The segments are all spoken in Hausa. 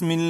بسم الله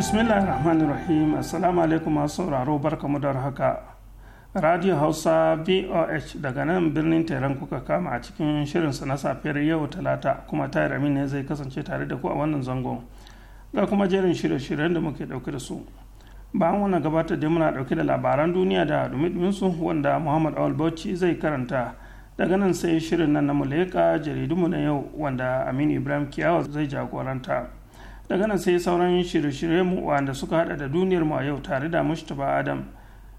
bismillahir rahmanir rahim assalamu alaikum masu sauraro barkamu da haka radio hausa boh daga nan birnin teran kuka kama a cikin shirin shirinsa na safiyar yau talata kuma tayar amin ne zai kasance tare da ku a wannan zangon ga kuma jerin shirye-shiryen da muke dauke da su bayan wani gabatar da muna dauke da labaran duniya da dumi su wanda muhammad awal bauchi zai karanta daga nan sai shirin nan na muleka jaridunmu na yau wanda aminu ibrahim kiyawa zai jagoranta daga nan sai sauran shirye shiryenmu mu wanda suka hada da duniyar mu a yau tare da mustapha adam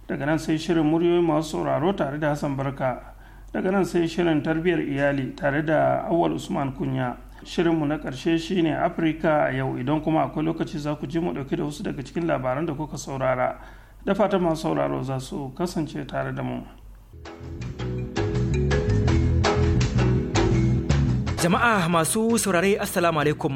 daga nan sai shirin muryoyi masu sauraro tare da hassan barka daga nan sai shirin tarbiyyar iyali tare da awal usman kunya shirinmu na karshe shine afirka a yau idan kuma akwai lokaci za ku ji mu ɗauki da wasu daga cikin labaran da kuka saurara da fatan masu sauraro za su kasance tare da mu jama'a masu saurare assalamu alaikum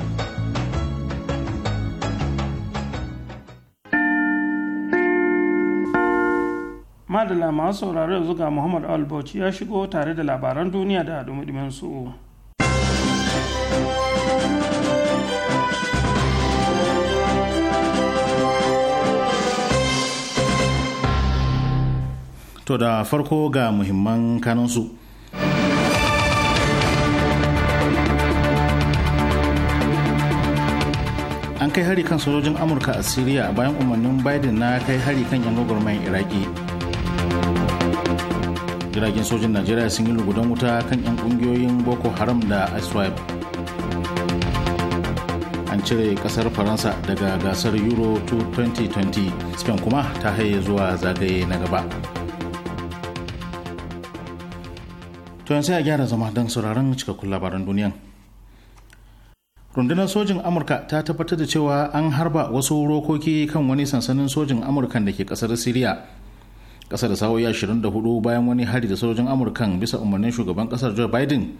madala masu sauraro yanzu ga muhammad albauchi ya shigo tare da labaran duniya da dumi su. To da farko ga muhimman kanansu. An kai hari kan sojojin Amurka a Siriya bayan umarnin Biden na kai hari kan 'yan gwagwarmayan Iraki. jiragen sojin najeriya sun yi lugudan wuta kan 'yan kungiyoyin boko haram da iswap an cire kasar faransa daga gasar euro 2020 spain kuma ta haye zuwa zagaye na gaba to yanzu a gyara zama don sauraron cikakkun labaran duniyan rundunar sojin amurka ta tabbatar da cewa an harba wasu rokoki kan wani sansanin sojin amurka da ke kasar siriya kasa da sa'o'i 24 bayan wani hari da sojojin amurkan bisa umarnin shugaban kasar joe biden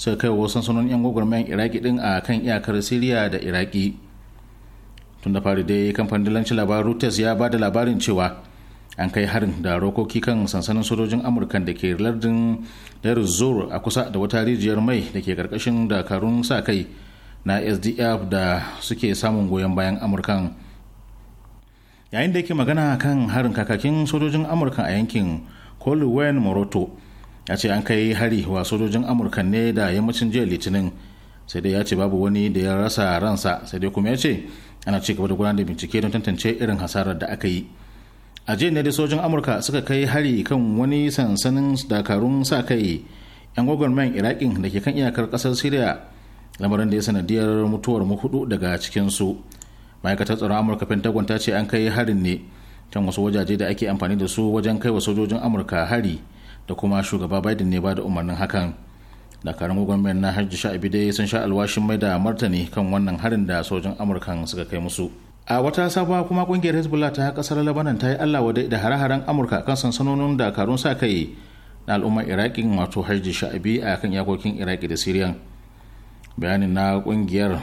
suka kai wa sansanin 'yan gwagwarmayan iraki din a kan iyakar siriya da iraki tun da fari dai kamfanin dalancin labaru reuters ya ba da labarin cewa an kai harin da rokoki kan sansanin sojojin amurkan da ke lardin dar zur a kusa da wata rijiyar mai da ke karkashin dakarun sa kai na sdf da suke samun goyon bayan amurkan yayin da yake magana kan harin kakakin sojojin amurka a yankin colwyn moroto ya ce an kai hari wa sojojin amurka ne da yammacin jiya litinin sai dai ya ce babu wani da ya rasa ransa sai dai kuma ya ce ana ci gaba da gudanar da bincike don tantance irin hasarar da aka yi a jiya ne da sojojin amurka suka kai hari kan wani sansanin dakarun sa kai 'yan gwagwarmayan irakin da ke kan iyakar kasar syria lamarin da ya sanadiyar mutuwar hudu daga cikinsu ma'aikatar tsaron amurka pentagon ta ce an kai harin ne can wasu wajaje da ake amfani da su wajen kai wa sojojin amurka hari da kuma shugaba biden ne ba da umarnin hakan dakarun gwagwarmayar na harji sha dai sun sha alwashin mai da martani kan wannan harin da sojojin amurka suka kai musu a wata sabuwa kuma kungiyar hezbollah ta kasar labanan ta yi allah wadai da hare-haren amurka kan sansanonin dakarun sa kai na al'ummar iraki wato hajji sha'abi a kan yakokin iraki da siriyan bayanin na kungiyar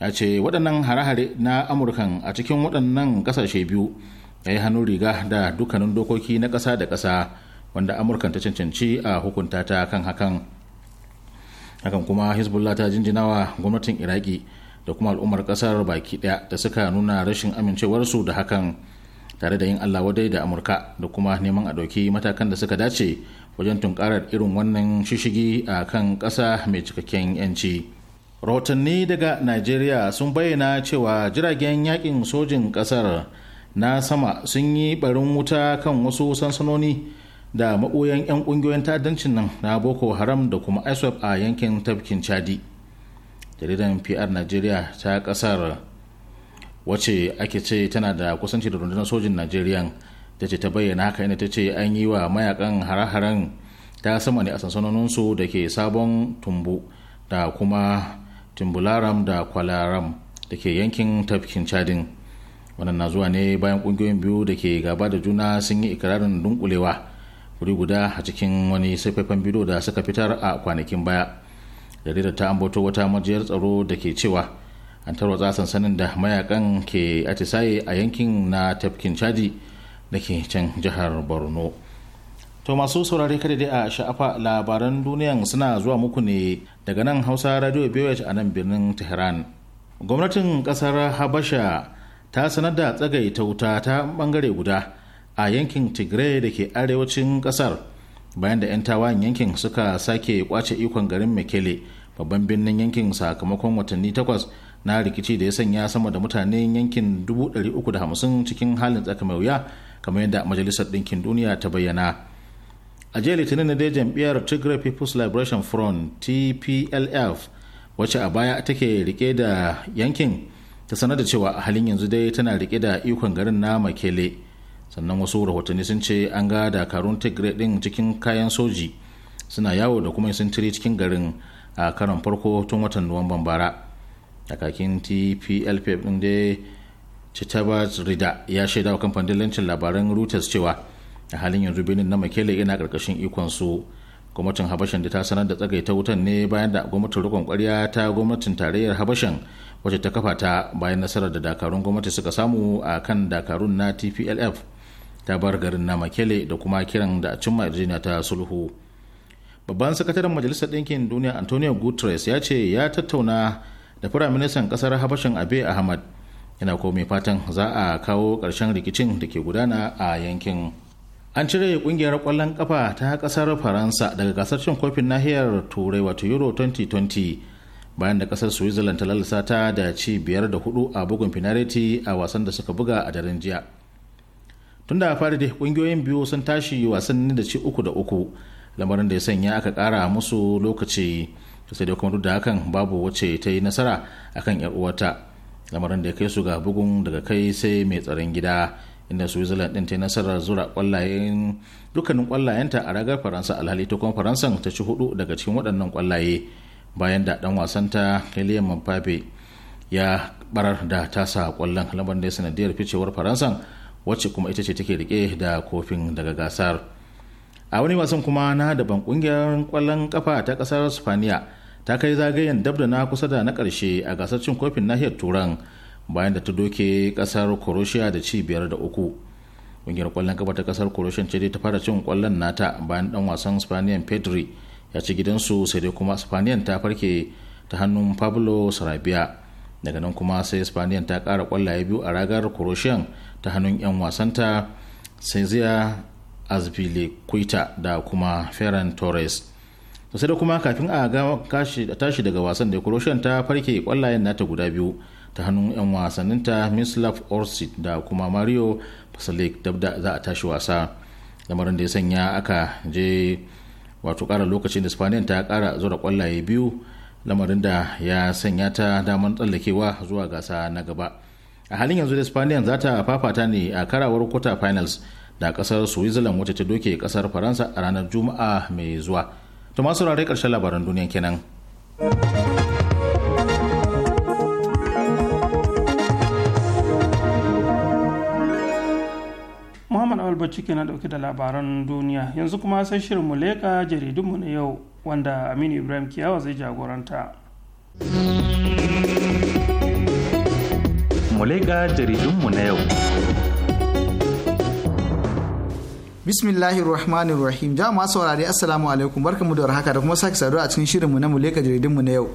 ya ce waɗannan hare-hare na amurkan a cikin waɗannan ƙasashe biyu ya yi hannun riga da dukkanin dokoki na ƙasa da ƙasa wanda amurkan ta cancanci a hukunta ta kan hakan hakan kuma hezbollah ta jinjinawa gwamnatin iraki da kuma al'ummar ƙasar baki ɗaya da suka nuna rashin amincewarsu da hakan tare da yin allah wadai da amurka da kuma neman a ɗauki matakan da suka dace wajen tunkarar irin wannan shishigi a kan ƙasa mai cikakken 'yanci. rahotanni daga najeriya sun bayyana cewa jiragen yakin sojin kasar na sama sun yi barin wuta kan wasu sansanoni da maɓoyan 'yan ƙungiyoyin ta'addancin nan na boko haram da kuma iswap a yankin tafkin chadi jaridan pr najeriya ta kasar wace ake ce tana da kusanci da rundunar sojin najeriya ta ce ta bayyana haka inda ta ce an yi wa mayakan hare-haren ta sama ne a sansanoninsu da ke sabon tumbu da kuma timbularam da kwalaram da ke yankin tafkin chadin wannan na zuwa ne bayan kungiyoyin biyu da ke gaba da juna sun yi ikirarin dunkulewa wuri guda a cikin wani saifafen bido da suka fitar a kwanakin baya jaridar ta ambato wata majiyar tsaro da ke cewa an tarwatsa sansanin da mayakan ke atisaye a yankin na tafkin chadi da ke can jihar borno To masu saurari kada dai a sha'afa labaran duniyan suna zuwa muku ne daga nan Hausa Radio BOH a nan birnin Tehran. Gwamnatin kasar Habasha ta sanar da tsagaita wuta ta bangare guda a yankin Tigray da ke arewacin kasar bayan da 'yan tawayen yankin suka sake kwace ikon garin Mekele babban birnin yankin sakamakon watanni takwas na rikici da ya sanya sama da mutane yankin 350 cikin halin tsaka mai wuya kamar yadda majalisar ɗinkin duniya ta bayyana. a jiya litinin na dai jam'iyyar tigray people's liberation front tplf wacce a baya take rike da yankin ta sanar da cewa a halin yanzu dai tana rike da ikon garin na makele sannan wasu rahotanni sun ce an ga dakarun tigray din cikin kayan soji suna yawo da kuma sintiri cikin garin a karon farko tun watan nuwamban bara kakakin tplf din dai chitabat rida ya shaidawa kamfanin lancin labaran reuters cewa a halin yanzu benin na makele yana karkashin ikon su gwamnatin habashin da ta sanar da tsagaita wutan ne bayan da gwamnatin rikon kwarya ta gwamnatin tarayyar habashin wacce ta kafa ta bayan nasarar da dakarun gwamnati suka samu a kan dakarun na tplf ta bar garin na makele da kuma kiran da a cimma yarjejeniya ta sulhu babban sakataren majalisar ɗinkin duniya antonio guterres ya ce ya tattauna da firaministan ƙasar habashin abe ahmad yana ko mai fatan za a kawo ƙarshen rikicin da ke gudana a yankin an cire kungiyar kwallon kafa ta kasar faransa daga gasar cin kofin nahiyar turai wato euro 2020 bayan da kasar switzerland ta lalasa ta da ci biyar da hudu a bugun finality a wasan da suka buga a daren jiya tun da fari da kungiyoyin biyu sun tashi wasanni da ci uku da uku lamarin da ya sanya aka kara musu lokaci sai dai kuma duk da hakan babu wace ta yi nasara akan yar uwata lamarin da ya kai su ga bugun daga kai sai mai tsaron gida inda switzerland din ta yi nasarar zura kwallayen dukkanin kwallayenta a ragar faransa alhali ta kuma faransan ta ci hudu daga cikin waɗannan kwallaye bayan da dan ta kylian mbappe ya barar da tasa kwallon lambar da sanadiyar ficewar faransa wacce kuma ita ce take rike da kofin daga gasar a wani wasan kuma na daban kungiyar kwallon kafa ta kasar spaniya ta kai zagayen dab da na kusa da na karshe a gasar cin kofin nahiyar turan bayan da ta doke kasar croatia da ci biyar da uku ƙungiyar kwallon kafa ta kasar croatia ce dai ta fara cin kwallon nata bayan dan wasan spaniyan pedri ya ci gidansu sai dai kuma spaniyan ta farke ta hannun pablo sarabia daga nan kuma sai spaniyan ta kara kwallaye biyu a ragar croatia ta hannun 'yan wasanta seziya azpilicueta da kuma ferran torres sai da kuma kafin a tashi daga wasan da croatia ta farke kwallayen nata guda biyu ta hannun 'yan wasanninta mislav orsid da kuma mario pasalik da za a tashi wasa lamarin da ya sanya aka je wato kara lokacin da spaniyan ta kara zura kwallaye biyu lamarin da ya sanya ta damar tsallakewa zuwa gasa na gaba a halin yanzu da spaniyan za ta fafata ne a karawar quarter finals da kasar switzerland wacce ta doke kasar faransa a ranar juma'a mai zuwa to masu rarrai karshen labaran duniya kenan. Samuel bacci na dauke da labaran duniya yanzu kuma sai shirin mu leƙa jaridunmu na yau wanda aminu ibrahim kiyawa zai jagoranta mu leƙa jaridunmu na yau bismillahir rahmanir rahim jama'a saurare assalamu alaikum barkamu da warhaka da kuma sake saduwa a cikin shirinmu na muleka mu na yau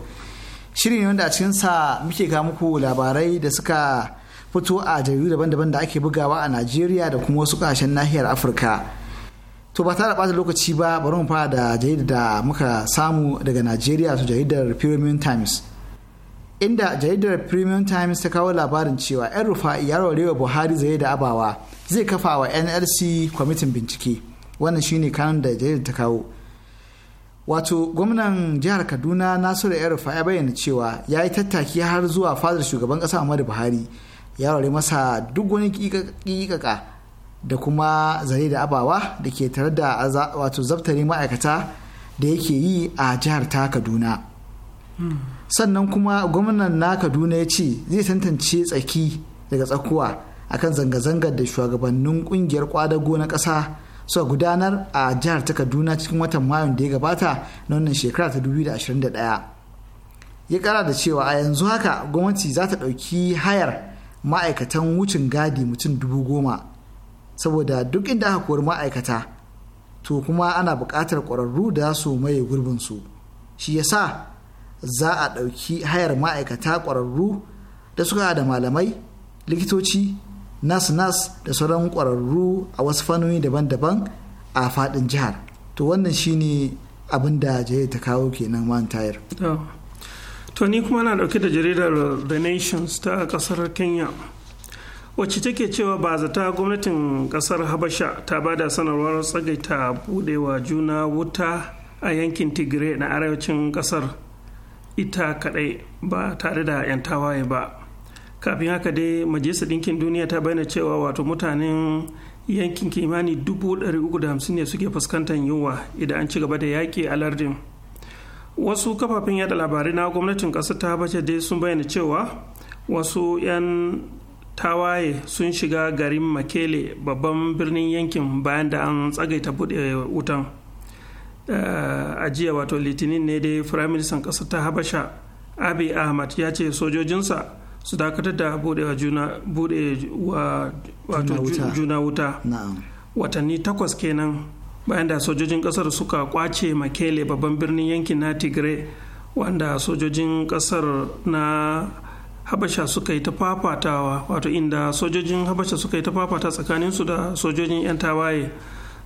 shiri ne wanda a cikin sa muke ga muku labarai da suka fito a jaridu daban-daban da ake bugawa a najeriya da kuma wasu kasashen nahiyar afirka to ba ta tare bata lokaci ba bari mu fara da jaridar da muka samu daga najeriya su jaridar premium times inda jaridar premium times ta kawo labarin cewa yan rufa ya rawarewa buhari zai da abawa zai kafa wa nlc kwamitin bincike wannan shine kanun da jaridar ta kawo wato gwamnan jihar kaduna nasiru yan rufa ya bayyana cewa ya yi tattaki har zuwa fadar shugaban kasa Muhammadu buhari ya masa duk wani kikaka da kuma zare da abawa da ke tare da wato zabtare ma'aikata da yake yi a jihar ta kaduna hmm. sannan kuma gwamnan na kaduna ya ce zai tantance tsaki daga tsakuwa akan zanga-zangar da shugabannin kungiyar kwadago na ƙasa suka gudanar a jihar ta kaduna cikin watan mayun da ya gabata na wannan shekara ta 2021 ya kara da cewa a yanzu haka gwamnati za ta ɗauki hayar ma'aikatan wucin gadi mutum dubu goma saboda duk inda aka kori ma'aikata to kuma ana buƙatar ƙwararru da su maye gurbinsu shi ya sa za a ɗauki hayar ma'aikata ƙwararru da suka da malamai likitoci nas nas da sauran ƙwararru a wasu fannoni daban-daban a faɗin jihar to wannan shine abin da jaye ta kawo kenan man tayar. to ni kuma na dauke da jaridar the nations ta kasar kenya wacce take cewa ba zata gwamnatin kasar habasha ta ba da sanarwar tsagaita budewa juna wuta a yankin tigray na arewacin kasar ita kadai ba tare da 'yan tawaye ba kafin haka dai majalisar ɗinkin duniya ta bayyana cewa wato mutanen yankin kimani 350 ne suke fuskantar yunwa idan an ci gaba da yaki a lardin wasu kafafen yada labarai na gwamnatin ƙasar ta bace dai sun bayyana cewa wasu 'yan tawaye sun shiga garin makele babban birnin yankin bayan da an tsagaita bude wutan eh, a jiya wato litinin ne dai firaministan ƙasar ta habasha abi ahmad ya ce sojojinsa su dakatar da bude juna juna wuta watanni takwas kenan bayan da sojojin kasar suka kwace makele babban birnin yankin na tigray wanda sojojin kasar na habasha suka yi ta fafatawa wato inda sojojin habasha suka yi ta fafata tsakaninsu da sojojin 'yan tawaye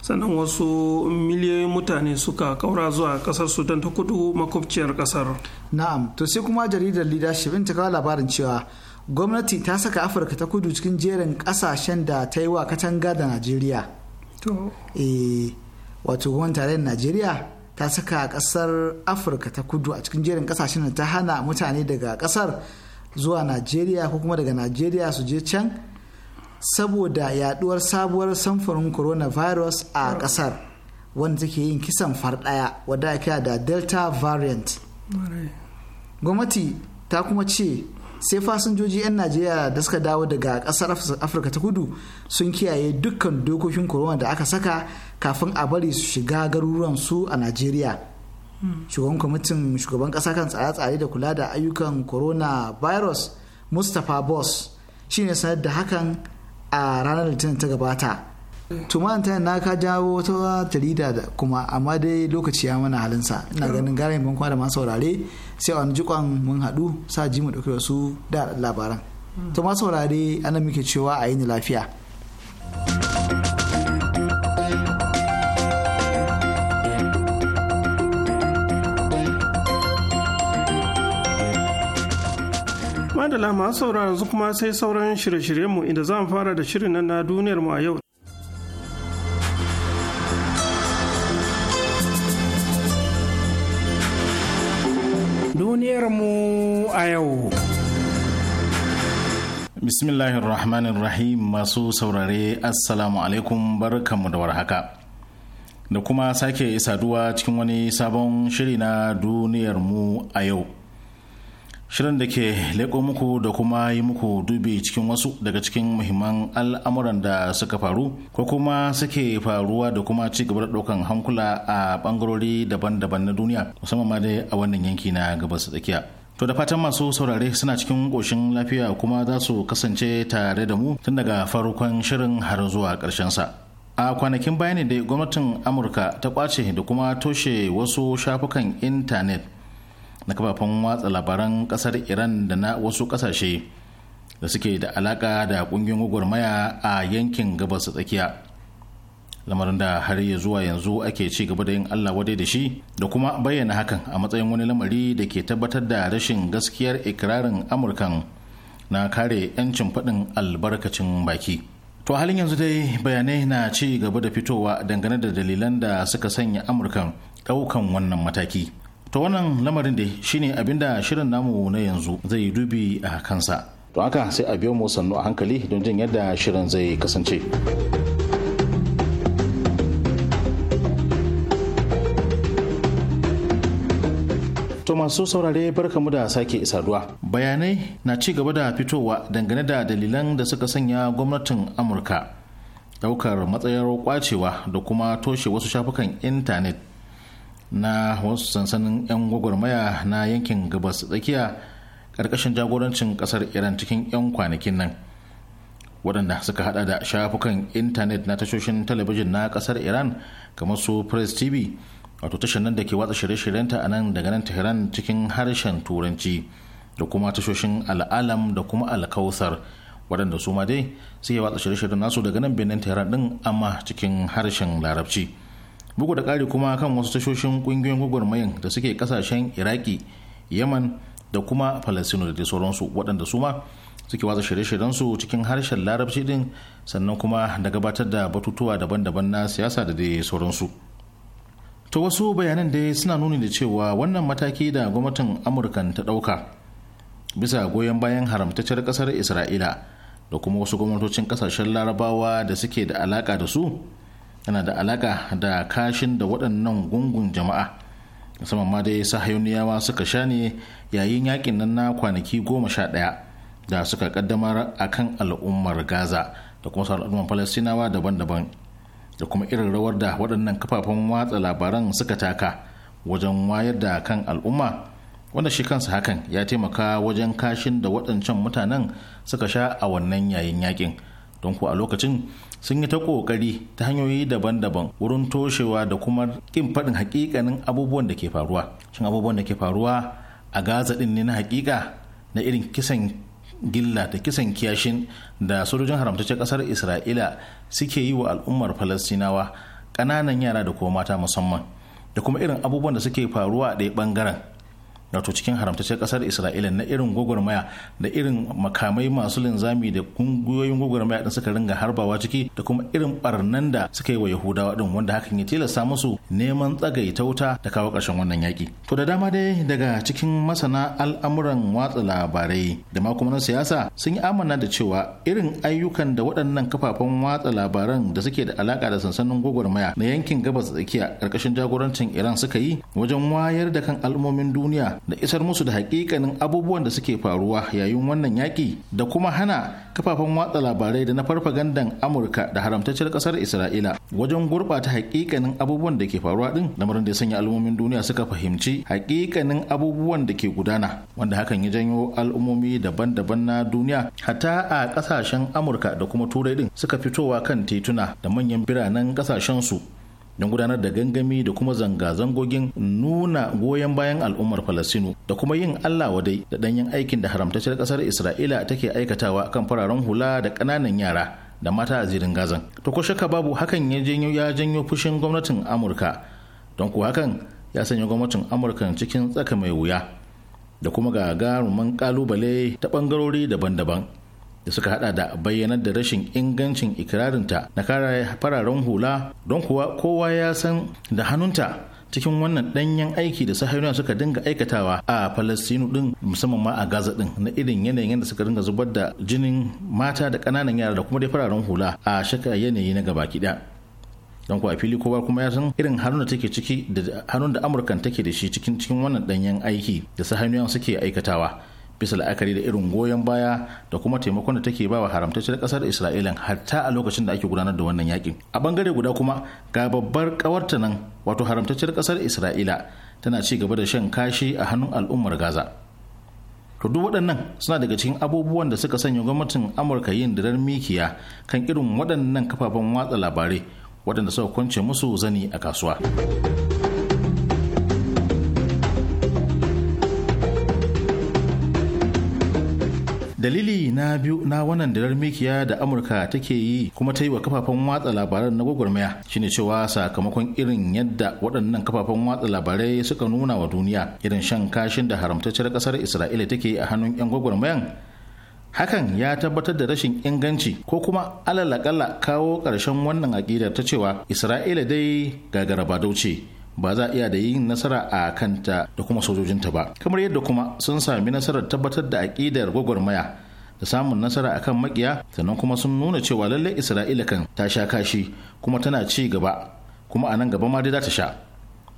sannan wasu miliyoyin mutane suka kaura zuwa kasar sudan ta kudu makwabciyar kasar na'am to sai kuma jaridar leadership ta kawo labarin cewa gwamnati ta saka afirka ta kudu cikin jerin kasashen da ta yi wa katanga da najeriya to eh wato gwamnatin tarayyar najeriya ta saka kasar afirka ta kudu a cikin jerin kasashen da ta hana mutane daga kasar zuwa najeriya ko kuma daga najeriya su je can saboda yaduwar sabuwar samfurin coronavirus a kasar wanda take yin kisan farɗaya wadda ake da delta variant gwamnati ta kuma ce sai fasinjoji 'yan najeriya da suka dawo daga kasar afirka ta kudu sun kiyaye dukkan dokokin corona da aka saka kafin a bari su shiga garuruwan su a najeriya shugaban kwamitin shugaban kasa kan tsare-tsare da kula da ayyukan corona virus mustapha boss shine sanar da hakan a ranar litinin ta gabata tuman ta na ka jawo wata jarida da kuma amma dai lokaci ya mana halinsa ina ganin yin bankwa da masu saurare sai wani jikon mun haɗu sa ji mu ɗauki wasu da labaran to masu saurare ana muke cewa a yi lafiya madala masu saurara kuma sai sauran shirye-shiryenmu inda za mu fara da shirin nan na duniyarmu a yau duniyarmu a yau. Bismillahir Rahmanir Rahim masu saurare Assalamu alaikum barkanmu da warhaka. Da kuma sake saduwa cikin wani sabon shiri na duniyarmu a yau. Shirin da ke leƙo muku da kuma yi muku dubi cikin wasu daga cikin muhimman al'amuran da suka faru ko kuma suke faruwa da kuma ci gaba da ɗaukan hankula a ɓangarori daban-daban na duniya musamman ma dai a wannan yanki na gabas tsakiya. To da fatan masu saurare suna cikin ƙoshin lafiya kuma za su kasance tare da mu tun daga farkon shirin har zuwa ƙarshen sa. a kwanakin baya ne gwamnatin amurka ta kwace da kuma toshe wasu shafukan intanet na kafafen watsa labaran kasar iran da na wasu kasashe da suke da alaka da kungiyar gwagwarmaya a yankin gabas tsakiya lamarin da har ya zuwa yanzu ake ci gaba da yin allah wadai da shi da kuma bayyana hakan a matsayin wani lamari da ke tabbatar da rashin gaskiyar ikirarin amurkan na kare 'yancin faɗin albarkacin baki to halin yanzu dai bayanai na ci gaba da fitowa dangane da dalilan da suka sanya amurkan ɗaukan wannan mataki to wannan lamarin da shine abinda shirin namu na yanzu zai dubi a kansa to haka sai a biyo mu sannu a hankali don jin yadda shirin zai kasance To masu saurare barkamu da sake saduwa. Bayanai na ci gaba da fitowa dangane da dalilan da suka sanya gwamnatin Amurka daukar matsayar kwacewa da kuma toshe wasu shafukan intanet na wasu sansanin 'yan gwagwarmaya na yankin gabas tsakiya ƙarƙashin jagorancin kasar iran cikin 'yan kwanakin nan waɗanda suka hada da shafukan intanet na tashoshin talabijin na ƙasar iran kamar su press tv wato tashar nan da ke watsa shirye-shiryenta a nan daga nan tehran cikin harshen turanci da kuma tashoshin al'alam da kuma alkausar waɗanda su ma dai suke watsa shirye-shiryen nasu daga nan birnin tehran din amma cikin harshen larabci bugu da ƙari kuma kan wasu tashoshin ƙungiyoyin gwagwarmayin da suke ƙasashen iraki yaman da kuma falasino da dai sauransu waɗanda su ma suke watsa shirye-shiryensu cikin harshen larabci din sannan kuma da gabatar da batutuwa daban-daban na siyasa da dai sauransu ta wasu bayanan dai suna nuni da cewa wannan mataki da gwamnatin amurkan ta ɗauka bisa goyon bayan haramtacciyar ƙasar isra'ila da kuma wasu gwamnatocin ƙasashen larabawa da suke da alaƙa da su yana da alaka da kashin da waɗannan gungun jama'a musamman ma dai sahayuniyawa suka sha ne yayin yakin nan na kwanaki goma sha ɗaya da suka kaddamar a kan al'ummar gaza da kuma al'ummar falastinawa daban-daban da kuma irin rawar da waɗannan kafafen watsa labaran suka taka wajen wayar da kan al'umma wanda shi kansa hakan ya taimaka wajen kashin da waɗancan mutanen suka sha a wannan yayin yakin don ku a lokacin sun yi ta kokari ta hanyoyi daban-daban wurin toshewa da kuma kin faɗin hakikanin abubuwan da ke faruwa shin abubuwan da ke faruwa a gaza din ne na hakika na irin kisan gilla da kisan kiyashin da sojojin haramtaccen kasar isra'ila suke yi wa al'ummar falastinawa ƙananan yara da kuma mata musamman da kuma irin abubuwan da suke faruwa a ɗaya ɓangaren wato cikin haramtaccen kasar isra'ila na irin gwagwarmaya da irin makamai masu linzami da kungiyoyin gwagwarmaya din suka ringa harbawa ciki da kuma irin barnan da suka yi wa yahudawa din wanda hakan ya tilasta musu neman tsagaitauta wuta da kawo ƙarshen wannan yaki to da dama dai daga cikin masana al'amuran watsa labarai da ma kuma na siyasa sun yi amana da cewa irin ayyukan da waɗannan kafafen watsa labaran da suke da alaka da sansanin gwagwarmaya na yankin gabas tsakiya karkashin jagorancin iran suka yi wajen wayar da kan al'ummomin duniya Na da isar musu da hakikanin abubuwan da suke faruwa yayin wannan yaƙi da kuma hana kafafen watsa labarai da na farfagandan amurka da haramtacciyar ƙasar isra'ila wajen gurɓata hakikanin abubuwan da ke faruwa din lamarin da ya sanya al'ummomin duniya suka fahimci hakikanin abubuwan da ke gudana wanda hakan ya janyo al'ummomi daban-daban na duniya hatta a ƙasashen amurka da kuma turai din suka fitowa kan tituna da manyan biranen ƙasashen su don gudanar da gangami da kuma zanga-zangogin nuna goyon bayan al'ummar Falasinu da kuma yin Allah wadai da danyen aikin da haramtacciyar kasar Isra'ila take aikatawa kan fararen hula da ƙananan yara da mata a zirin Gazan. To ko shakka babu hakan ya janyo ya janyo fushin gwamnatin Amurka don ko hakan ya sanya gwamnatin Amurka cikin tsaka mai wuya da kuma ga gagarumin kalubale ta bangarori daban-daban. da suka hada da bayyanar da rashin ingancin ikirarinta na kara fararen hula don kuwa kowa ya san da hannunta cikin wannan danyen aiki da sahariya suka dinga aikatawa a falastinu din musamman ma a gaza din na irin yanayin da suka dinga zubar da jinin mata da kananan yara da kuma dai fararen hula a shaka yanayi na gaba daya don kuwa fili kowa kuma ya san irin hannun da take ciki da hannun da amurkan take da shi cikin cikin wannan danyen aiki da sahariya suke aikatawa bisa la'akari da irin goyon baya da kuma taimakon da take bawa haramtacciyar kasar isra'ilan hatta a lokacin da ake gudanar da wannan yakin a bangare guda kuma ga babbar kawarta nan wato haramtacciyar kasar isra'ila tana ci gaba da shan kashi a hannun al'ummar gaza to duk waɗannan suna daga cikin abubuwan da suka sanya gwamnatin amurka yin dirar mikiya kan irin waɗannan kafafen watsa labarai waɗanda suka kwance musu zani a kasuwa. dalili na biyu na wannan dalar mikiya da amurka take yi kuma ta yi wa kafafen watsa labaran na gwagwarmaya shine cewa sakamakon irin yadda waɗannan kafafen watsa labarai suka nuna wa duniya irin shan kashin da haramtacciyar ƙasar isra'ila take yi a hannun 'yan gwagwarmayan hakan ya tabbatar da rashin inganci ko kuma alalakala kawo ƙarshen wannan aƙidar ta cewa isra'ila dai gagara ba ce ba za a iya da yin nasara a kanta da kuma sojojinta ba kamar yadda kuma sun sami nasarar tabbatar da aƙidar gwagwarmaya da samun nasara akan makiya sannan kuma sun nuna cewa lallai isra'ila kan ta sha kashi kuma tana ci gaba kuma a nan gaba ma dai za ta sha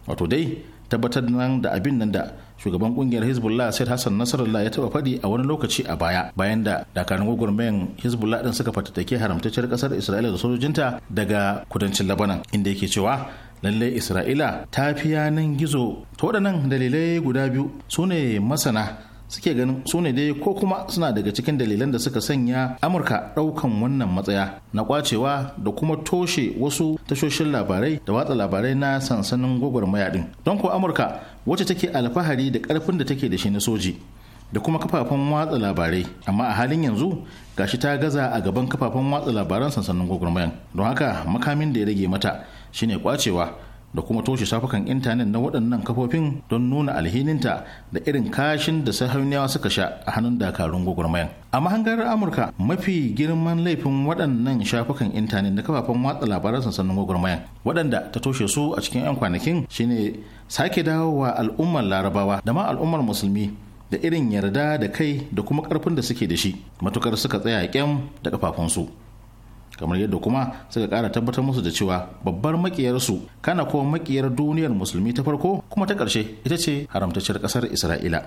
wato dai tabbatar nan da abin nan da shugaban kungiyar hezbollah sai hassan nasarallah ya taba faɗi a wani lokaci a baya bayan da dakarun gwagwarmayan hezbollah din suka fatattake haramtacciyar kasar isra'ila da sojojinta daga kudancin labanan inda yake cewa lalle isra'ila ta fi yanan gizo ta waɗannan dalilai guda biyu su ne masana suke ganin su ne dai ko kuma suna daga cikin dalilan da suka sanya amurka ɗaukan wannan matsaya na kwacewa da kuma toshe wasu tashoshin labarai da watsa labarai na sansanin gwagwarmaya ɗin don ko amurka wacce take alfahari da ƙarfin da take da shi na soji da kuma kafafen watsa labarai amma a halin yanzu gashi ta gaza a gaban kafafen watsa labaran sansanin gwagwarmayan don haka makamin da ya rage mata shine kwacewa da kuma toshe shafukan intanet na waɗannan kafofin don nuna alhininta da irin kashin da sahauniyawa suka sha a hannun dakarun gwagwarmayan a mahangar amurka mafi girman laifin waɗannan shafukan intanet na kafafen watsa labaran sansanin gwagwarmayan waɗanda ta toshe su a cikin 'yan kwanakin shine sake dawowa al'ummar larabawa da ma al'ummar musulmi da irin yarda da kai da kuma ƙarfin da suke da shi matukar suka tsaya kyam da kafafunsu kamar yadda kuma suka kara tabbatar musu da cewa babbar su kana kuma makiyar duniyar musulmi ta farko kuma ta ƙarshe ita ce haramtacciyar ƙasar isra'ila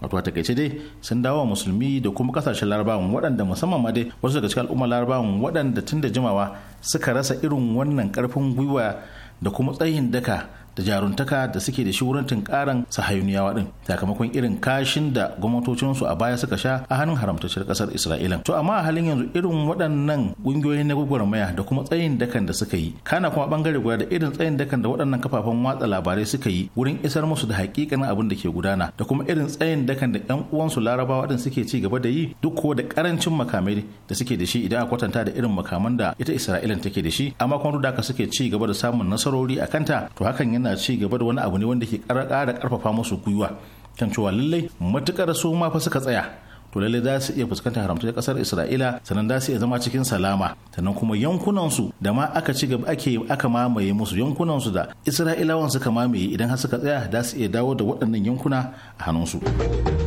wato ta takaice dai sun dawo wa musulmi da kuma kasashen larabawan waɗanda musamman ma dai wasu daga cikin al'ummar larabawan waɗanda tun da jimawa suka rasa irin wannan ƙarfin gwiwa da kuma tsayin daka da jaruntaka da suke da shi wurin tunkaran sahayuniyawa din sakamakon irin kashin da gwamnatocinsu a baya suka sha a hannun haramtacciyar kasar Isra'ila. to amma a halin yanzu irin waɗannan ƙungiyoyin na gwagwarmaya da kuma tsayin dakan da suka yi kana kuma bangare guda da irin tsayin dakan da waɗannan kafafen watsa labarai suka yi wurin isar musu da hakikanin abin da ke gudana da kuma irin tsayin dakan da ƴan uwansu larabawa din suke ci gaba da yi duk ko da karancin makamai da suke da shi idan a kwatanta da irin makaman da ita isra'ila take da shi amma kuma da suke ci gaba da samun nasarori a kanta to hakan yana ana ci gaba da wani abu ne wanda ke ƙara ƙarfafa musu gwiwa kan cewa lallai matukar su ma fa suka tsaya to lallai za su iya fuskantar haramta kasar isra'ila sannan za su iya zama cikin salama sannan kuma yankunansu da ma aka ci gaba ake aka mamaye musu yankunansu da isra'ilawan suka mamaye idan har suka tsaya za su iya dawo da waɗannan yankuna a hannunsu. su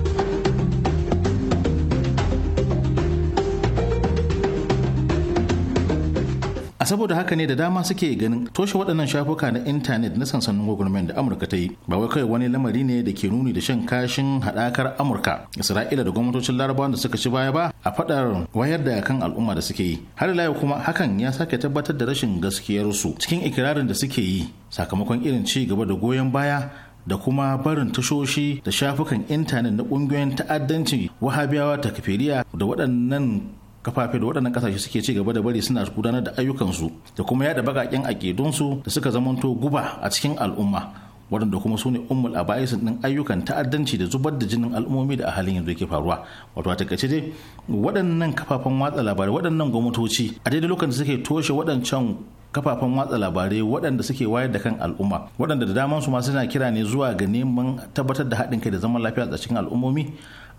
a saboda haka ne da dama suke ganin toshe waɗannan shafuka na intanet na sansanin gwagwarmen da amurka ta yi ba wai kawai wani lamari ne da ke nuni da shan kashin haɗakar amurka isra'ila da gwamnatocin larabawan da suka ci baya ba a faɗar wayar da kan al'umma da suke yi har ila kuma hakan ya sake tabbatar da rashin gaskiyarsu cikin ikirarin da suke yi sakamakon irin ci gaba da goyon baya da kuma barin tashoshi da shafukan intanet na ƙungiyoyin ta'addanci wahabiyawa takfiriya da waɗannan kafafe da waɗannan kasashe suke ci gaba da bari suna gudanar da ayyukansu da kuma yada bakaƙen aƙidunsu da suka zamanto guba a cikin al'umma waɗanda kuma su ne ummul aba'isin ɗin ayyukan ta'addanci da zubar da jinin al'ummomi da a halin yanzu yake faruwa wato a takaice dai waɗannan kafafen watsa labarai waɗannan gwamnatoci a daidai lokacin da suke toshe waɗancan kafafen watsa labarai waɗanda suke wayar da kan al'umma waɗanda da daman su ma suna kira ne zuwa ga neman tabbatar da haɗin kai da zaman lafiya a cikin al'ummomi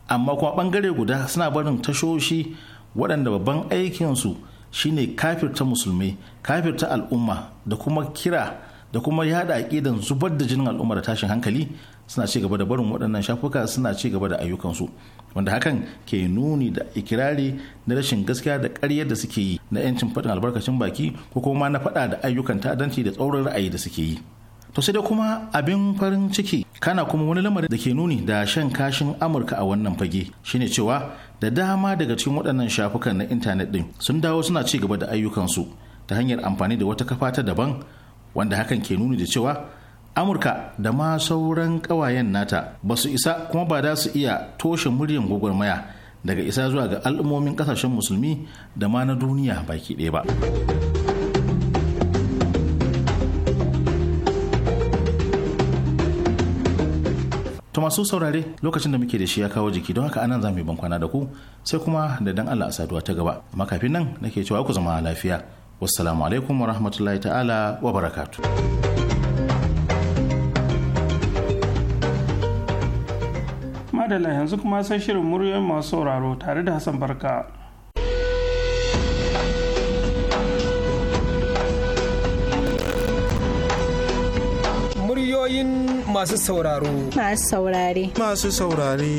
amma kuma ɓangare guda suna barin tashoshi waɗanda babban aikinsu shine kafirta musulmi kafirta al'umma da kuma kira da kuma yada aƙidan zubar da jinin al'umma da tashin hankali suna ci gaba da barin waɗannan shafuka suna ci gaba da ayyukansu wanda hakan ke nuni da ikirari na rashin gaskiya da ƙaryar da suke yi na 'yancin faɗin albarkacin baki ko kuma na faɗa da ayyukan ta'addanci da tsaurin ra'ayi da suke yi to sai dai kuma abin farin ciki kana kuma wani lamarin da ke nuni da shan kashin amurka a wannan fage shine cewa da dama daga cikin waɗannan shafukan na intanet ɗin sun dawo suna ci gaba da ayyukansu ta hanyar amfani da wata kafa ta daban wanda hakan ke nuni da cewa amurka da ma sauran ƙawayen nata ba su isa kuma ba da su iya toshe muryan gwagwarmaya daga isa zuwa ga al'ummomin ƙasashen musulmi da ma na duniya baki ɗaya ba. masu saurare lokacin da muke da shi ya kawo jiki don haka anan za mu yi bankwana da ku sai kuma da dan Allah a saduwa ta gaba amma kafin nan nake cewa ku zama lafiya wassalamu alaikum wa ta'ala wa barakatu. madalla yanzu kuma sai shirin muryoyin masu sauraro tare da hassan barka masu sauraro. Masu saurare. Masu saurare.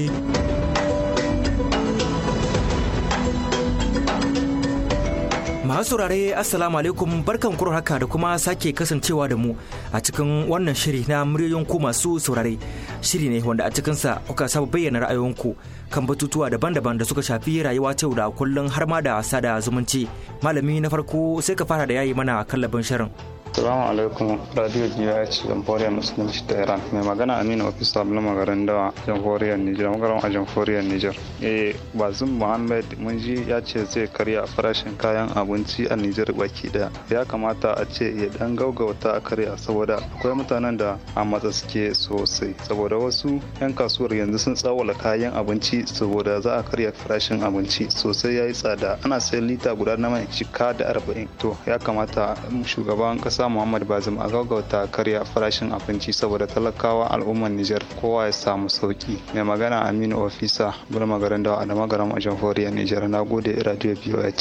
Masu saurare Assalamu alaikum barkan kuro haka da kuma sake kasancewa da mu a cikin wannan shiri na muryoyin ku masu saurare. Shiri ne wanda a cikinsa kuka saba bayyana ra'ayoyinku kan batutuwa daban-daban da suka shafi rayuwa ta da kullum har ma da sada zumunci. Malami na farko sai ka fara da yayi mana kallabin shirin. Salamu alaikum Radio GH Jamhuriyar Musulunci ta Mai magana Aminu Ofisa na garin Dawa Jamhuriyar Nijar, magaran a Jamhuriyar Nijar. Eh, Bazum Muhammad Munji ya ce zai karya farashin kayan abinci a Nijar baki daya. Ya kamata a ce ya dan gaugauta a karya saboda akwai mutanen da a matsa suke sosai saboda wasu 'yan kasuwar yanzu sun tsawala kayan abinci saboda za a karya farashin abinci sosai ya yi tsada ana sayan lita guda na mai cika da arba'in to ya kamata shugaban kasa ƙasa muhammad bazum a gaggauta karya farashin abinci saboda talakawa al'ummar nijar kowa ya samu sauki mai magana aminu ofisa bulma garin dawa da garin a jamhuriyar nijar na gode radio voh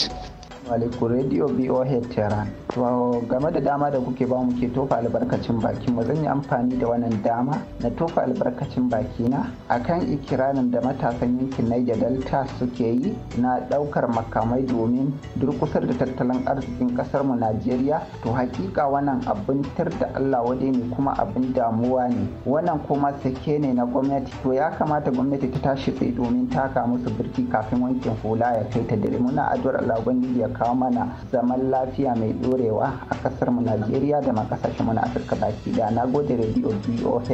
alaikum radio BOH Tehran. To game da dama da kuke bamu mu ke tofa albarkacin baki mu zan yi amfani da wannan dama na tofa albarkacin baki na akan ikirarin da matasan yankin Niger Delta suke yi na daukar makamai domin durkusar da tattalin arzikin kasar mu Najeriya to hakika wannan abin tar da Allah wade ne kuma abin damuwa ne wannan kuma sake ne na gwamnati to ya kamata gwamnati ta tashi tsaye domin taka musu birki kafin wankin hula ya kai ta dare muna addu'ar Allah ya kawo mana zaman lafiya mai dorewa a kasar mu Najeriya da ma kasashen mu na Afirka baki da na gode radio BOH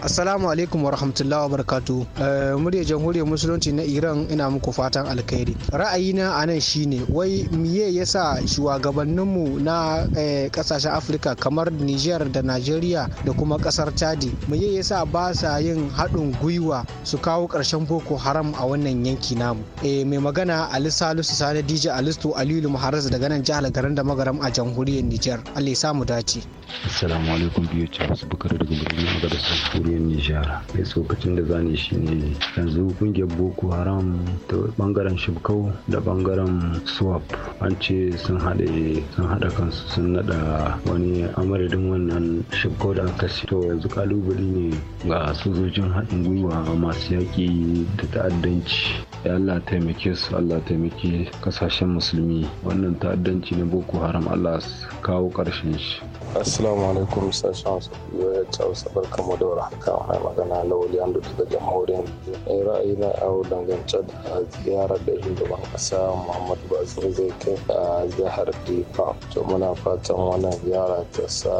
Assalamu alaikum wa rahmatullahi wa barakatu. Eh, Jamhuriyar Musulunci na Iran ina muku fatan alkhairi. Ra'ayina a nan shine wai miye yasa shugabanninmu na kasashen eh, Afirka kamar Niger da Najeriya da kuma kasar Chadi miye yasa ba sa yin haɗin gwiwa su kawo ƙarshen Boko Haram a wannan yanki namu. Eh, mai magana Ali Salisu Sani DJ Alistu Aliyu Muharaz daga nan jihar garin da magaram a Jamhuriyar Nijar. Allah ya samu dace. Assalamu alaikum biyu Charles Bukari daga Birnin Magadasar jamhuriyar nijar mai tsokacin da zane shi ne yanzu kungiyar boko haram ta bangaren shibkau da bangaren swap an ce sun haɗe sun haɗa kansu sun naɗa wani amaradin wannan shibkau da aka to yanzu kalubale ne ga sojojin haɗin gwiwa masu yaƙi da ta'addanci ya Allah taimake su Allah taimake kasashen musulmi wannan ta'addanci na boko haram Allah kawo ƙarshen shi assalamu alaikum sashen wasu ya ci wasu barka mu da warhaka mai magana lawali andu daga jamhuriyar ne ra'ayi na yau dangance da ziyarar da shugaban kasa muhammadu bazir zai kai a jihar difa to muna fatan wannan ziyara ta sa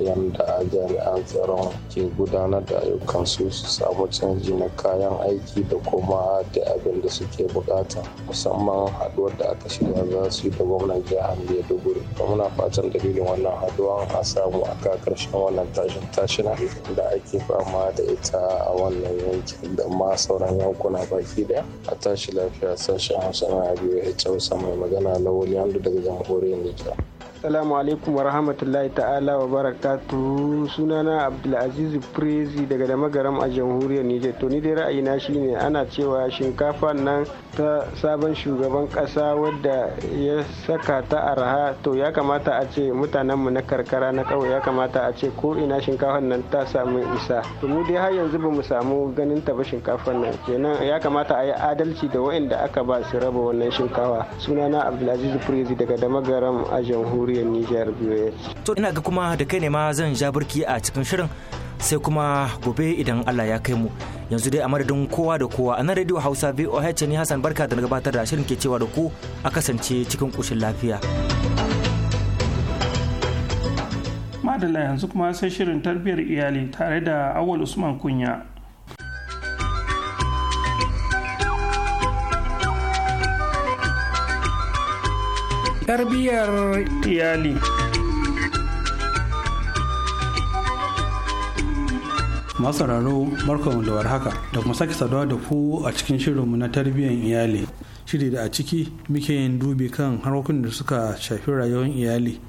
yanda jami'an tsaron ke gudanar da ayyukan su samu canji na kayan aiki da kuma da abin da suke bukata musamman haɗuwar da aka shirya za su yi da gwamnan jihar maiduguri muna fatan dalilin wannan don a samu a ka karshen wannan tashin tashina da ake fama da ita a wannan yankin da ma sauran yankuna baki daya a tashi lafiya sashen hausa na abu ya mai magana wani hannu daga jamhuriyar nijar Assalamu alaikum wa rahmatullahi ta'ala wa barakatu sunana Abdulaziz Prezi daga da magaram a jamhuriyar niger To ni dai ra'ayina shine ana cewa shinkafa nan ta sabon shugaban kasa wadda ya saka ta araha to ya kamata a ce mutanenmu na karkara na kawai ya kamata a ce ko ina shinkafan nan ta samu isa. To mu dai har yanzu bamu samu ganin ta ba shinkafan nan kenan ya kamata a yi adalci da waɗanda aka ba su raba wannan shinkafa. Sunana Abdulaziz Prezi daga da magaram a jamhuriyar muryar Nijar biyu To ina ga kuma da kai ne ma zan ja burki a cikin shirin sai kuma gobe idan Allah ya kai mu. Yanzu dai a madadin kowa da kowa a nan Radio Hausa VOH ne Hassan Barka da gabatar da shirin ke cewa da ku a kasance cikin kushin lafiya. Madalla yanzu kuma sai shirin tarbiyyar iyali tare da Awal Usman Kunya. tarbiyyar iyali masararo barkanmu da warhaka da kuma sake saduwa da ku a cikin shirinmu na tarbiyyar iyali shiri da a ciki muke yin dubi kan harkokin da suka shafi rayuwar iyali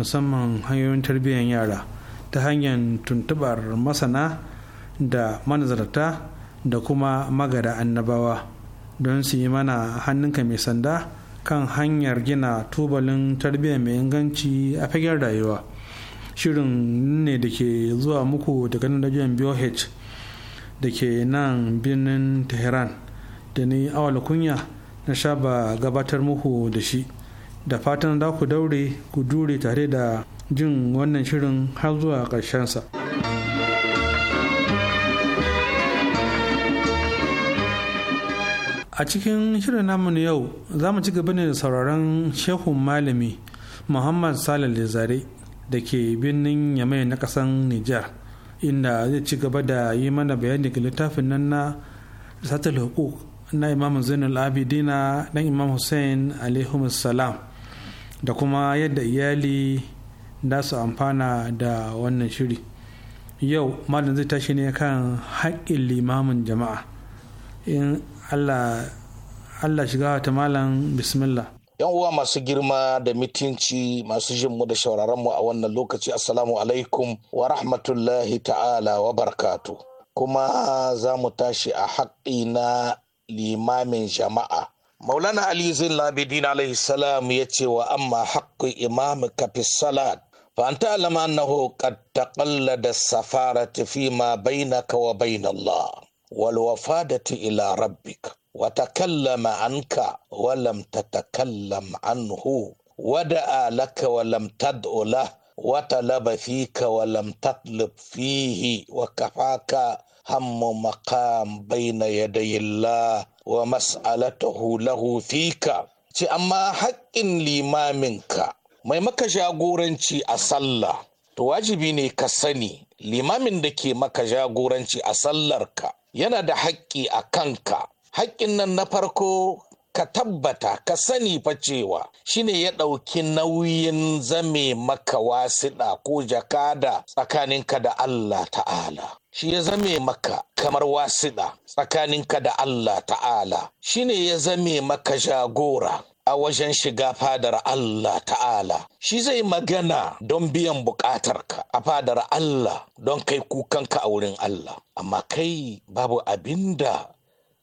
musamman hanyoyin tarbiyyar yara ta hanyar tuntubar masana da manazarta da kuma magada annabawa don su yi mana hannunka mai sanda kan hanyar gina tubalin tarbiyya mai inganci a fagen rayuwa shirin ne da ke zuwa muku daga nan rajon boh da ke nan birnin tehran da ni awal kunya na shaba gabatar muku da shi da fatan za ku daure ku dure tare da jin wannan shirin har zuwa ƙarshensa. sa a cikin shirin namu yau za mu ci gaba ne da sauraron shehun malami muhammad salal zare da ke birnin yamai na kasan nijar inda zai ci gaba da yi mana bayani ga littafin nan na satul hukuk na imam zainul abidina dan imam hussein alaihimus salam da kuma yadda iyali da su amfana da wannan shiri yau malam zai tashi ne kan haƙƙin limamin jama'a allah shiga ta malam bismillah yan uwa masu girma da mitinci masu jin mu da shauraron mu a wannan lokaci assalamu alaikum wa rahmatullahi ta'ala wa barkatu kuma za mu tashi a haƙƙi na limamin jama'a maulana ali zin labidin alaihi salam ya ce wa amma haƙƙi imam kafi salat fa an ta'lama annahu qad taqallada safarati fi ma bainaka wa bainallah walwafadati ila rabbik watakallama anka walam tatakallam anhu wadaa laka walam tadu lah watalaba fika walam tatlib fihi wakafaka hamu maqam baina yaday llah wa mas'alatahu lahu fika ce amma haƙƙin limaminka mai maka jagoranci a sallah to wajibi ne ka sani limamin da ke maka jagoranci a sallarka yana da haƙƙi a kanka haƙƙin nan na farko ka tabbata ka sani fa cewa shine ya ɗauki nauyin zame maka wasiɗa ko jakada tsakaninka da Allah ta'ala shi ya zame maka kamar wasiɗa tsakaninka da Allah ta'ala shine ya zame maka jagora a wajen shiga fadar Allah ta'ala shi zai magana don biyan bukatarka a fadar Allah don kai kukanka a wurin Allah amma kai babu abinda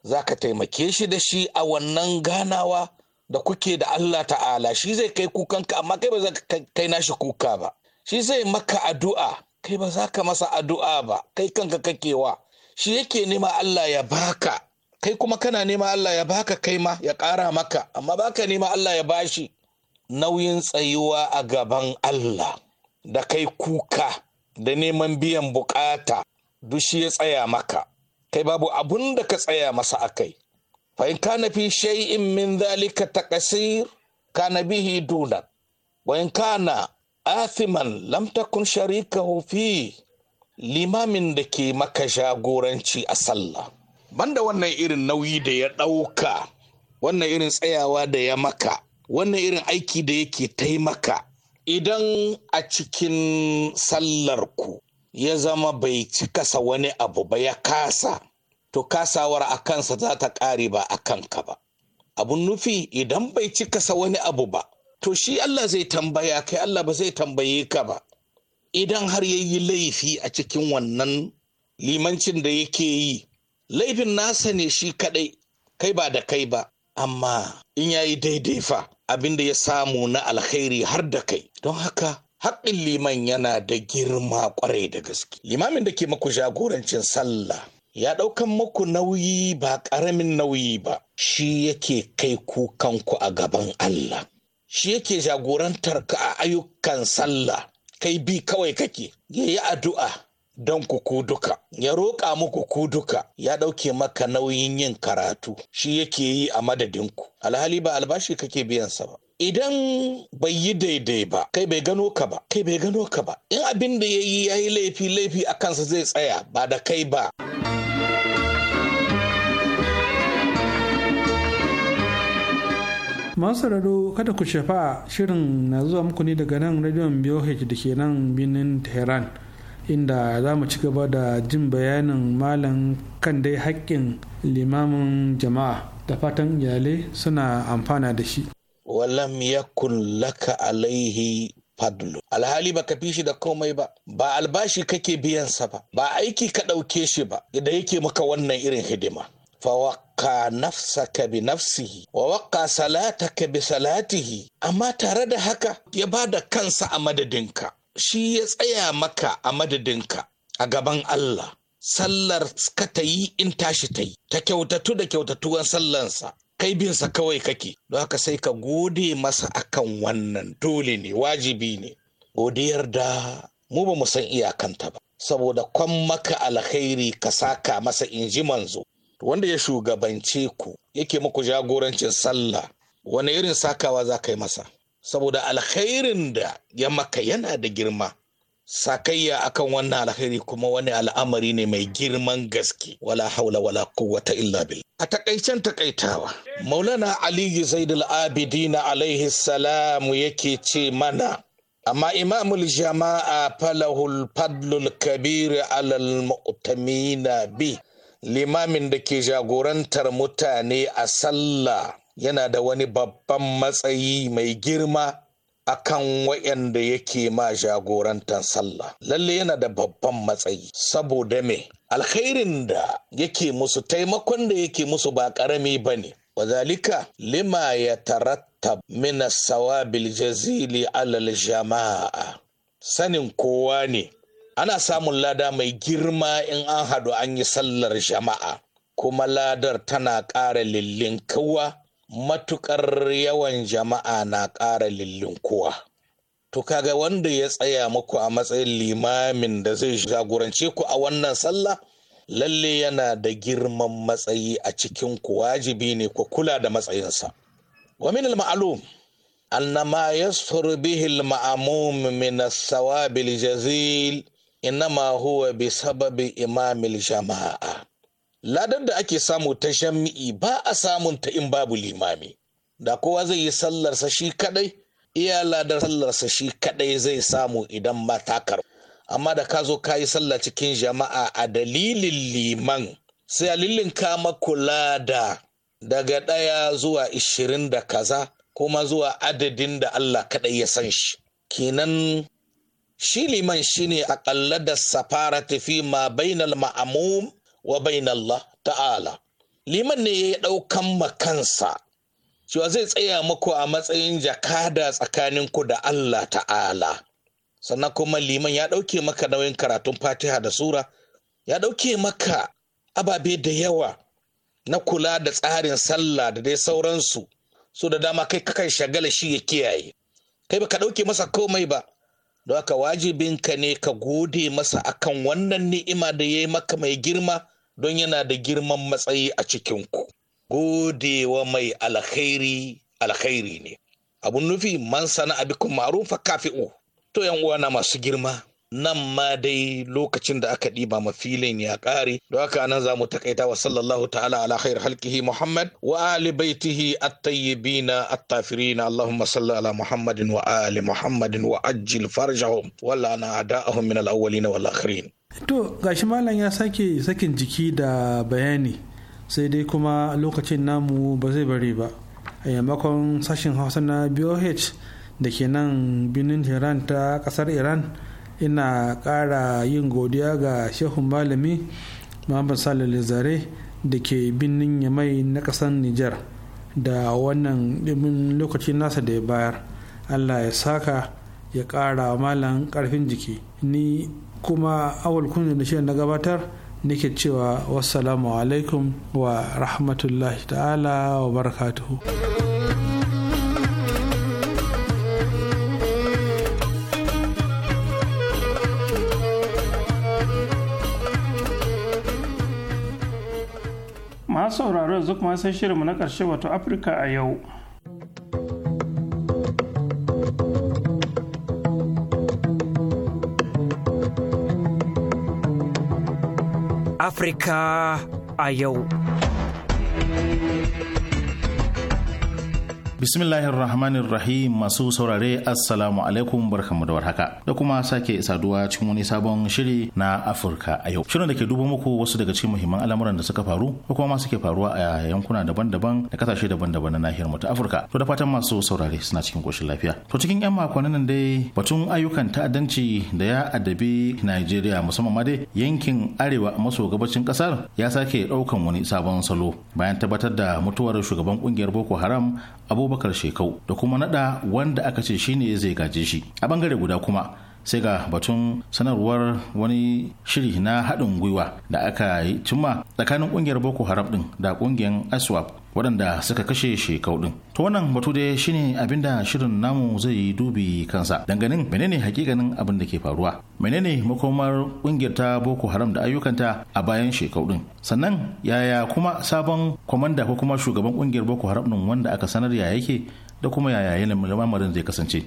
za ka taimake shi da shi a wannan ganawa da kuke da Allah ta'ala shi zai kai kukanka amma kai ba za ka kai nashi kuka ba shi zai maka addu'a kai ba za ka masa addu'a ba kai kanka kakewa shi yake nema Allah ya baka kai kuma kana nema Allah ya baka kai ma ya ƙara maka amma baka nema Allah ya bashi nauyin tsayuwa a gaban Allah da kai kuka da neman biyan bukata dushi ya tsaya maka kai babu abun da ka tsaya masa a kai fa in kana fi shay'in min zalika taqsir kana bihi dunak wa in kana athiman lam takun sharikahu fi limamin da ke maka jagoranci a sallah banda wannan irin nauyi da ya ɗauka wannan irin tsayawa da ya maka wannan irin aiki da yake taimaka idan a cikin sallar ku ya zama bai cikasa wani abu ba ya kasa to kasawar a kansa za ta ƙare ba a kanka ba abun nufi idan bai cikasa wani abu ba to shi Allah zai tambaya kai Allah ba zai tambaye ka ba idan har yayi laifi a cikin wannan limancin da yake yi laifin nasa ne shi kadai kai ba da kai ba amma in yayi daidai fa abin da ya samu na alkhairi har da kai don haka haƙƙin liman yana da girma ƙwarai da gaske limamin da ke maku jagorancin sallah ya ɗaukan maku nauyi ba ƙaramin nauyi ba shi yake kai kukanku a gaban Allah shi yake jagorantar ka a ayyukan sallah kai bi kawai kake ya yi addu'a don ku ku duka ya roƙa muku ku duka ya ɗauke maka nauyin yin karatu shi yake yi a madadinku alhali ba albashi kake sa ba idan bai yi daidai ba kai bai gano ka ba kai bai gano ka ba in abin da ya yi ya yi laifi laifi a kansa zai tsaya ba da kai ba masu kada ku shafa shirin na zuwa muku ne daga nan rajon BOH da ke nan binin tehran inda za mu ci gaba da jin bayanin malam kan dai haƙƙin limamin jama'a da fatan iyalai suna amfana da shi. Walam ya laka alaihi fadlu alhali ba ka fi shi da komai ba ba albashi kake biyansa ba ba aiki ka ɗauke shi ba da yake maka wannan irin hidima fawaka nafsaka bi nafsihi wawakka salata salataka bi salatihi amma tare da haka ya ba da kansa a madadinka shi ya tsaya maka a madadinka a gaban Allah sallar ka ta yi in tashi ta yi ta kyautatu da kyautatuwan sallansa kai binsa kawai kake don haka sai ka gode masa akan wannan dole ne wajibi ne godiyar da mu ba mu san iyakanta ba saboda kwan maka alkhairi ka saka masa inji manzo wanda ya shugabance ku yake muku jagorancin sallah wani irin sakawa za ka yi masa saboda alkhairin da ya maka yana da girma sakayya akan wannan alkhairi kuma wani al'amari ne mai girman gaske wala haula wala quwwata illa bil a takaicen takaitawa maulana ali zaid al-abidin alaihi salam yake ce mana amma imamul jama'a falahul fadlul kabir alal mu'tamina bi limamin da ke jagorantar mutane a sallah yana da wani babban matsayi mai girma a kan waɗanda yake ma jagorantar sallah lalle yana da babban matsayi saboda me alkhairin da yake musu taimakon da yake musu ba ƙarami ba ne wazalika lima ya tarattab mina sawabil jazili alal jama'a sanin kowa ne ana samun lada mai girma in an haɗu an yi sallar jama'a kuma ladar tana ƙara lillin kowa matukar yawan jama'a na ƙara lillunkuwa. To kaga wanda ya tsaya muku a matsayin limamin da zai jagorance ku a wannan sallah lalle yana da girman matsayi a cikin ku wajibi ne ku kula da matsayinsa. Wa min al-ma'lum annama yasfur bihi al-ma'mum min as-sawab al-jazil huwa bi sababi imamil jama'a. Ladan da ake samu ta shami'i ba a samun ta in babu limami. Da kowa zai yi sallarsa shi kadai, iya ladar sallarsa shi kadai zai samu idan matakar. Amma da ka zo ka yi sallah cikin jama'a a dalilin liman, sai a kama kula da. daga ɗaya zuwa ishirin da kaza, kuma zuwa adadin da Allah kadai ya san shi. Kenan shi liman shine ƙalla da safara tafi ma bainal ma'amum wa bainallah ta'ala liman ne ya ɗaukan makansa cewa zai tsaya muku a matsayin jakada tsakanin ku da Allah ta'ala sannan kuma liman ya ɗauke maka nauyin karatun fatiha da sura ya ɗauke maka ababe da yawa na kula da tsarin sallah da dai sauransu Su da dama kai kakan shagala shi ya kiyaye kai baka ɗauke masa komai ba don haka wajibinka ne ka gode masa akan wannan ni'ima da ya yi maka mai girma don yana da girman matsayi a cikinku godewa mai alkhairi alkhairi ne abun nufi man sana abikun ma'rufa kafi'u to yan na masu girma nan ma dai lokacin da aka ɗiba ma filin ya ƙare don haka nan za mu takaita wa sallallahu ta'ala ala khair halkihi muhammad wa ali baitihi at-tayyibina at-tafirina allahumma salli ala muhammadin wa ali muhammadin wa ajil farjahum walla ana ada'ahum min al-awwalin wal akhirin to gashi malam ya sake sakin jiki da bayani sai dai kuma lokacin namu ba zai bari ba a yammakon sashen hausa na boh da ke nan binin iran ta kasar iran ina ƙara yin godiya ga shehun malami muhammad salih zare da ke binin yamai na ƙasar niger da wannan ɗimin lokacin nasa da ya bayar allah ya saka ya kara malam karfin jiki ni kuma awal kunin da shi na gabatar nake cewa wassalamu alaikum wa rahmatullahi ta'ala wa barakatuhu. masu sauraro yanzu kuma sai shirinmu na ƙarshe wato afirka a yau Afirka a yau. Bismillahir Rahmanir Rahim masu saurare Assalamu alaikum barkamu da warhaka da kuma sake saduwa cikin wani sabon shiri na Afirka a yau. Shirin da ke duba muku wasu daga cikin muhimman al'amuran da suka faru ko kuma masu ke faruwa a yankuna daban-daban da kasashe daban-daban na nahiyar mu ta Afirka. To da fatan masu saurare suna cikin koshin lafiya. To cikin yan makonnin nan dai batun ayyukan ta'addanci da ya addabi Najeriya musamman ma dai yankin arewa maso gabacin kasar ya sake daukan wani sabon salo bayan tabbatar da mutuwar shugaban kungiyar Boko Haram Abu abubakar shekau da kuma naɗa wanda aka ce shine zai gaje shi a bangare guda kuma sai ga batun sanarwar wani shiri na haɗin gwiwa da aka yi cimma tsakanin ƙungiyar boko haram ɗin da ƙungiyar aswap waɗanda suka kashe shekau ɗin. To wannan batu dai shine abinda shirin namu zai yi dubi kansa danganin menene hakikanin abin da ke faruwa menene makomar ƙungiyar ta Boko Haram da ayyukanta a bayan shekau ɗin sannan yaya kuma sabon kwamanda ko kuma shugaban ƙungiyar Boko Haram ɗin wanda aka sanar ya yake da kuma yaya yanayin lamarin zai kasance.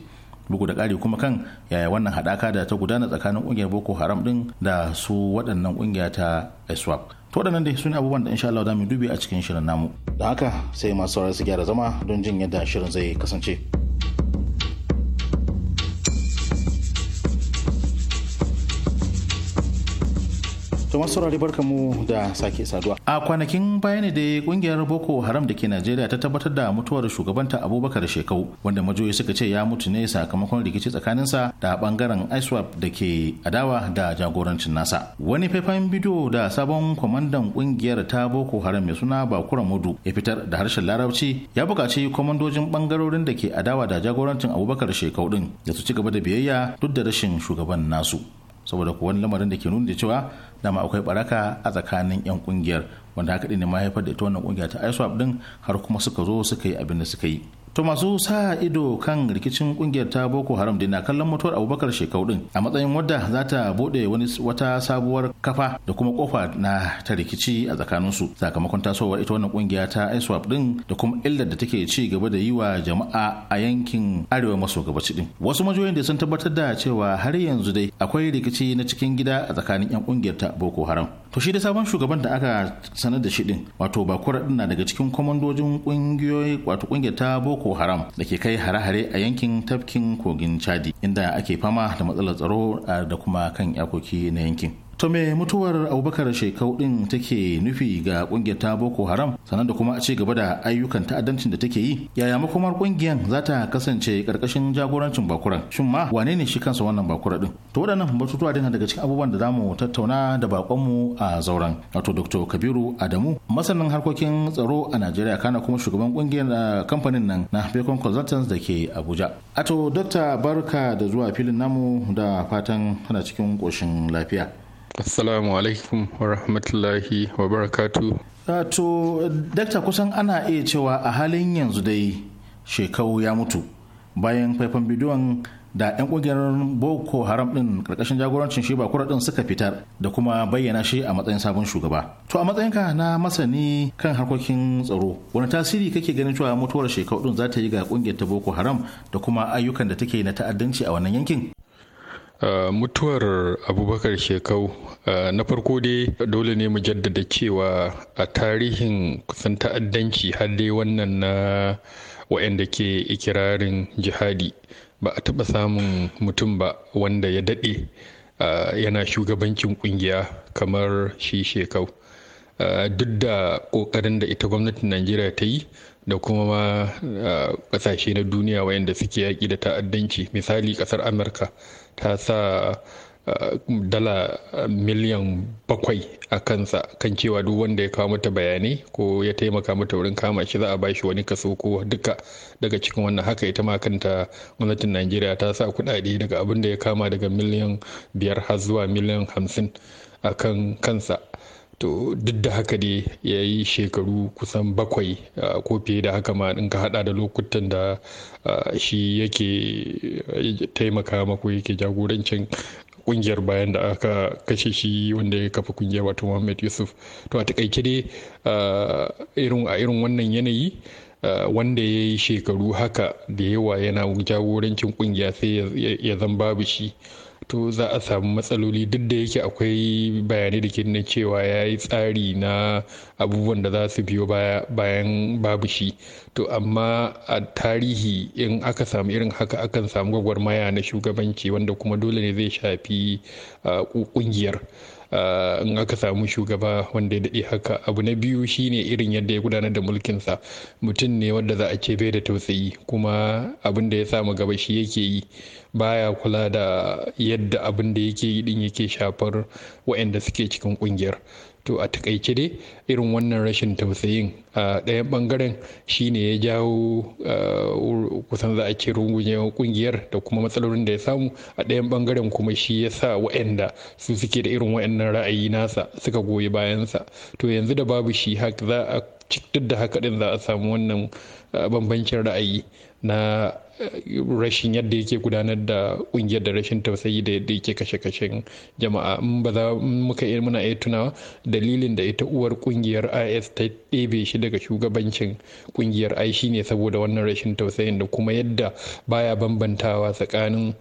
bugu da ƙari kuma kan yaya wannan haɗaka da ta gudana tsakanin ƙungiyar boko haram ɗin da su waɗannan ƙungiya ta iswap to waɗannan dai sun abubuwan da insha Allah za mu dubi a cikin shirin namu da haka sai masu saurari su gyara zama don jin yadda shirin zai kasance. to saurari barka mu da sake saduwa a kwanakin baya ne dai kungiyar boko haram da ke najeriya ta tabbatar da mutuwar shugabanta abubakar shekau wanda majoyi suka ce ya mutu ne sakamakon rikici tsakaninsa da bangaren iswap da ke adawa da jagorancin nasa wani faifan bidiyo da sabon kwamandan kungiyar ta boko haram mai suna bakura mudu ya fitar da harshen larabci ya buƙaci kwamandojin bangarorin da ke adawa da jagorancin abubakar shekau din da su ci gaba da biyayya duk da rashin shugaban nasu saboda kuwan lamarin da ke nuna da cewa dama akwai baraka a tsakanin 'yan kungiyar wanda haka ne ma haifar da ita wannan kungiya ta iswap din har kuma suka zo suka yi abin da suka yi to masu sa ido kan rikicin kungiyar ta boko haram na kallon mutuwar abubakar shekau din a matsayin wadda za ta bude wata sabuwar kafa da kuma kofa na ta rikici a tsakaninsu sakamakon tasowar ita wannan kungiya ta iswap din da kuma illar da take ci gaba da yi wa jama'a a yankin arewa maso gabaci din wasu majoyin da sun tabbatar da cewa har yanzu dai akwai rikici na cikin gida a tsakanin yan kungiyar ta boko haram to shi da sabon shugaban da aka sanar da shi din wato bakura na daga cikin kwamandojin kungiyoyi wato kungiyar ta boko haram da ke kai hare-hare a yankin tafkin kogin chadi inda ake fama da matsalar tsaro da kuma kan yakoki na yankin To me mutuwar Abubakar Shekau din take nufi ga kungiyar ta Boko Haram sannan da kuma a ci gaba da ayyukan ta'addancin da take yi? Yaya makomar kungiyar za ta kasance karkashin jagorancin bakuran? Shin ma wane ne shi kansa wannan bakura din? To waɗannan batutuwa din daga cikin abubuwan da za mu tattauna da bakonmu a zauren. Wato Dr. Kabiru Adamu masanin harkokin tsaro a Najeriya kana kuma shugaban kungiyar eh, kamfanin nan na Bacon Consultants da ke Abuja. Ato Dr. Barka da zuwa filin namu da fatan tana cikin ƙoshin lafiya. assalamu alaikum wa rahmatullahi wa barakatu to dakta kusan ana iya cewa a halin yanzu dai shekau ya mutu bayan faifan bidiyon da 'yan kungiyar boko haram din karkashin jagorancin shi bakura din suka fitar da kuma bayyana shi a matsayin sabon shugaba to a matsayinka na masani kan harkokin tsaro wani tasiri kake ganin cewa mutuwar shekau din za ta yi ga kungiyar ta boko haram da kuma ayyukan da take na ta'addanci a wannan yankin Eh, mutuwar abubakar shekau eh, na farko dai dole ne mu jaddada cewa a tarihin kusan ta'addanci har dai wannan na wa'inda ke ikirarin jihadi ba a taɓa samun mutum ba wanda ya daɗe eh, yana shugabancin ƙungiya kamar shi shekau duk da ƙoƙarin da ita gwamnatin najeriya ta yi da kuma ma ƙasashe na duniya wayanda suke yaƙi da ta'addanci misali ƙasar amurka ta sa eh, dala miliyan bakwai a kansa kan cewa duk wanda ya kawo mata bayanai ko ya taimaka mata wurin kama shi za a bashi wani kaso ko duka daga cikin wannan haka ita ma kanta gwamnatin najeriya ta sa kudade daga abin da ya kama daga miliyan biyar har zuwa miliyan hamsin a kan kansa to duk da haka dai ya yi shekaru kusan bakwai ko fiye da haka ma in ka hada da lokutan da shi yake taimaka mako yake jagorancin kungiyar bayan da aka kashe shi wanda ya kafa kungiyar wato Muhammad Yusuf to a takaice dai irin a irin wannan yanayi wanda ya yi shekaru haka da yawa yana jagorancin kungiya sai ya zan babu shi to za a samu matsaloli duk da yake akwai bayanai da ke nuna cewa ya yi tsari na abubuwan da za su biyo bayan babu shi to amma a tarihi in aka samu irin haka akan samu gwagwarmaya na shugabanci wanda kuma dole ne zai shafi ah, ƙungiyar. Eh, in aka samu shugaba wanda ya daɗe haka abu na biyu shine irin yadda ya gudanar da mulkinsa mutum ne wanda za a ce bai da tausayi kuma abin da ya samu gaba shi yake yi baya kula da yadda abin da yake yi din yake shafar waɗanda suke cikin ƙungiyar. to a takaice dai irin wannan rashin tausayin a ɗayan ɓangaren ne ya jawo kusan za a ce rungunye kungiyar da kuma matsalolin da ya samu a ɗayan ɓangaren kuma shi ya sa wa'anda su suke da irin wa'annan ra'ayi nasa suka goyi bayansa to yanzu da babu shi za a duk da haka ɗin za a samu wannan bambancin ra'ayi na eh, rashin yadda yake gudanar da kungiyar da rashin tausayi da yadda yake kashe-kashen jama'a in ba za muka iya muna iya tunawa dalilin da ita uwar kungiyar is ta ɗebe shi daga shugabancin kungiyar ai ne saboda wannan rashin tausayin da kuma yadda baya bambantawa tsakanin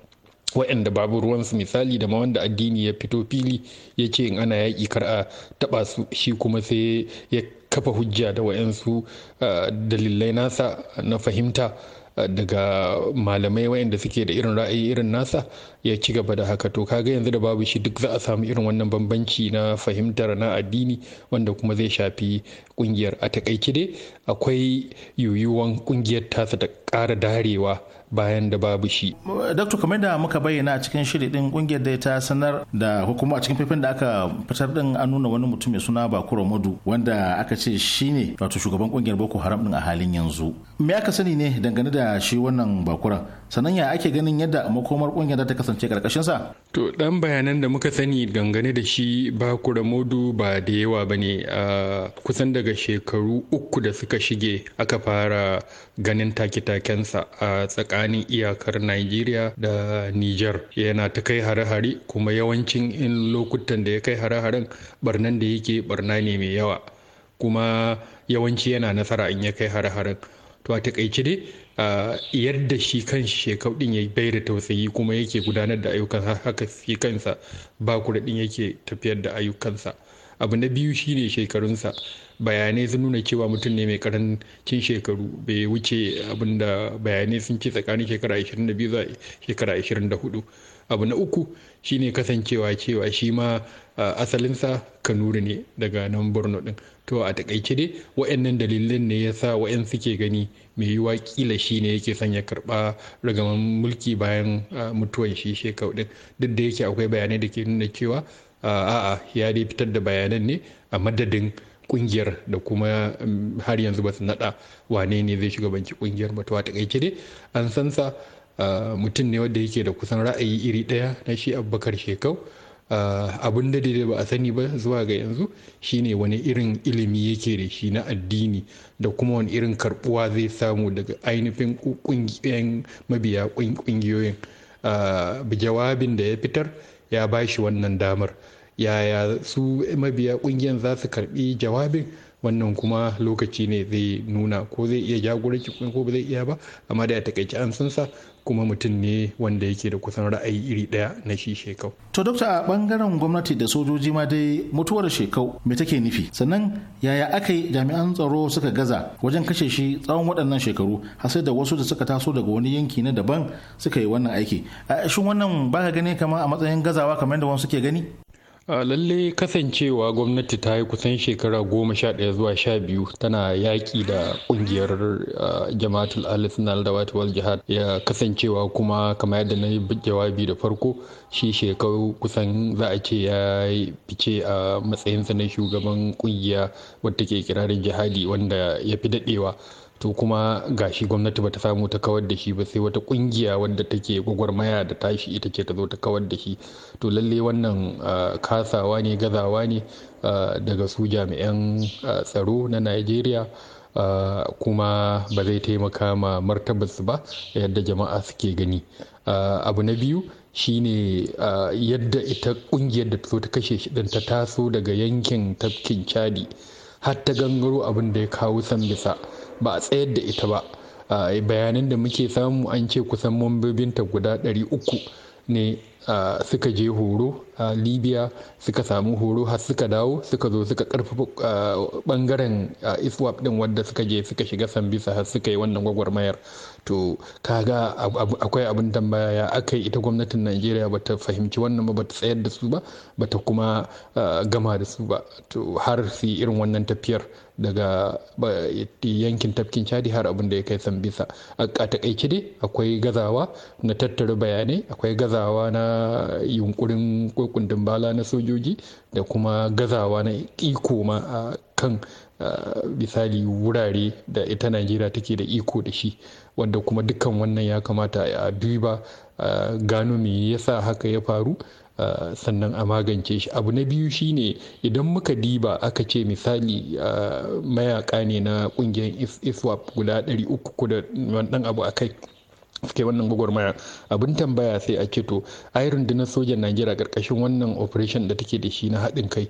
waɗanda babu ruwansu misali da ma wanda addini ya fito fili ya ce in ana yaƙi kar a taɓa su shi kuma sai ya kafa hujja da wayansu eh, dalilai nasa na fahimta daga malamai wayanda suke da irin ra'ayi irin nasa ya ci gaba da haka to kaga yanzu da babu shi duk za a samu irin wannan bambanci na fahimtar na addini wanda kuma zai shafi kungiyar a takaice dai akwai yiwuwan kungiyar tasa ta ƙara darewa bayan da babu shi. Dr. kamar da muka bayyana a cikin shiri din kungiyar da ta sanar da hukuma a cikin faifin da aka fitar din an nuna wani mutum mai suna Bakura Madu wanda aka ce shine wato shugaban kungiyar Boko Haram din a halin yanzu. me aka sani ne dangane da shi wannan bakuran sannan ya ake ganin yadda makomar kungiyar ta kasance karkashin sa to dan bayanan da muka sani dangane da shi bakura modu ba da yawa ba ne a kusan daga shekaru uku da suka shige aka fara ganin take-takensa a tsakanin iyakar nigeria da niger yana ta kai hare-hare kuma yawancin in lokutan da ya kai hare-haren barnan da yake barna ne mai yawa kuma yawanci yana nasara in ya kai hare-haren to a takaice dai yadda shi kan shekau din ya bai da tausayi kuma yake gudanar da ayyukan haka shi kansa ba din yake tafiyar da ayyukansa abu na biyu shine shekarunsa bayanai sun nuna cewa mutum ne mai karancin shekaru bai wuce abinda bayanai sun ce tsakanin shekara 22 zuwa shekara 24 abu na uku shine kasancewa cewa shi ma asalinsa kanuri ne daga nan borno din to a takaice dai wa'annan dalilin ne ya sa wa'yan suke gani mai yiwa kila shi ne yake son ya karba ragaman mulki bayan mutuwan shi shekau din duk da yake akwai bayanai da ke nuna cewa a'a ya dai fitar da bayanan ne a madadin kungiyar da kuma um, har yanzu ba su nada wane ne zai shiga banki kungiyar ba to a takaice dai an san sa mutum ne wanda yake da kusan ra'ayi iri daya na shi abubakar shekau Eh, abin da daidai ba a sani ba zuwa ga yanzu shine wani irin ilimi yake da shi na addini da kuma wani irin karbuwa zai samu daga ainihin kungiyoyin mabiya kungiyoyin eh, jawabin da ya fitar ya ba shi wannan damar yaya su mabiya kungiyan za su karbi jawabin wannan kuma lokaci ne zai nuna ko zai iya jagoranci ko ba zai iya ba amma da ya takaici an sa. kuma mutum ne wanda yake da kusan ra'ayi iri daya na shi shekau. To dokta a bangaren gwamnati da sojoji ma dai mutuwar shekau me take nufi sannan yaya aka yi jami'an tsaro suka gaza wajen kashe shi tsawon waɗannan shekaru har sai da wasu da suka taso daga wani yanki na daban suka yi wannan aiki. Shin wannan baka gani kama a matsayin gazawa kamar yadda wasu suke gani? lalle kasancewa gwamnati ta yi kusan shekara goma sha ɗaya zuwa sha biyu tana yaƙi da ƙungiyar jama'atul alif da wata wal jihad ya kasancewa kuma kamar yadda na yi jawabi da farko shi shekaru kusan za a ce ya fice a matsayinsa na shugaban ƙungiya wadda ke kirarin jihadi wanda ya fi daɗewa to kuma gashi gwamnati bata samu ta kawar da shi ba sai wata kungiya wadda take gwagwarmaya da tashi ita ce ta zo ta kawar da shi to lalle wannan kasawa ne gazawa ne daga su jami'an tsaro na najeriya kuma ba zai taimaka ma martabarsu ba yadda jama'a suke gani abu na biyu shine ne yadda ita kungiyar da ta ta kashe shi ta taso daga yankin tafkin chadi har ta gangaro abin da ya kawo san bisa ba a tsayar da ita ba bayanan da muke samu an ce kusan mambobinta guda 300 ne suka je horo a libya suka samu horo har suka dawo suka zo suka karfafa bangaren iswap din wadda suka je suka shiga sambisa har suka yi wannan gwagwarmayar to kaga akwai abin tambaya ya aka yi ita gwamnatin najeriya bata fahimci wannan ba bata tsayar da su ba bata kuma gama da su ba to har su yi irin wannan tafiyar daga yankin tafkin chadi har abin da ya kai sambisa a takaice dai akwai gazawa na tattara bayanai akwai gazawa na yunkurin kundin bala na sojoji da kuma gazawa na iko ma a kan misali wurare da ita najeriya take da iko da shi wanda kuma dukkan wannan ya kamata a duba gano me yasa haka ya faru Uh, sannan a magance shi abu na biyu shine idan muka diba aka ce misali uh, mayaka ne na kungiyar iswap guda 300 da dan abu a kai ke wannan gwagwarmaya abin tambaya sai a ce to yi rundunar sojan najeriya karkashin wannan operation da take da shi na haɗin kai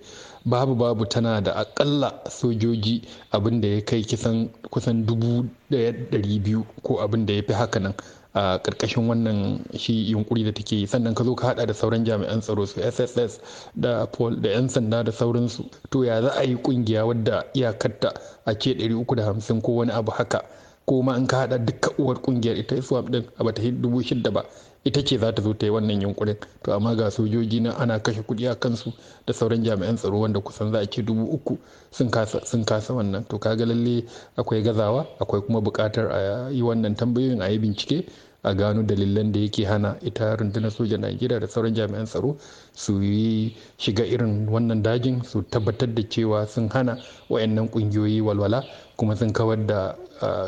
babu babu tana da akalla sojoji abin da ya kai kisan kusan dubu dari biyu ko abin da ya fi haka nan a karkashin wannan shi yunkuri da take sannan ka zo ka hada da sauran jami'an tsaro su sss da paul da 'yan sanda da sauransu to ya za a yi kungiya wadda iyakarta a ce 350 ko wani abu haka koma ma in ka hada duka uwar kungiyar ita swap din a bata dubu shidda ba ita ce za ta zo ta yi wannan yunkurin to amma ga sojoji na ana kashe kuɗi a kansu da sauran jami'an tsaro wanda kusan za a ce dubu uku sun kasa wannan to kaga lalle akwai gazawa akwai kuma bukatar a yi wannan tambayoyin a yi bincike a gano dalilan da yake hana ita rundunar sojan najeriya da sauran jami'an tsaro su yi shiga irin wannan dajin su tabbatar da cewa sun hana wayannan kungiyoyi walwala kuma sun kawar da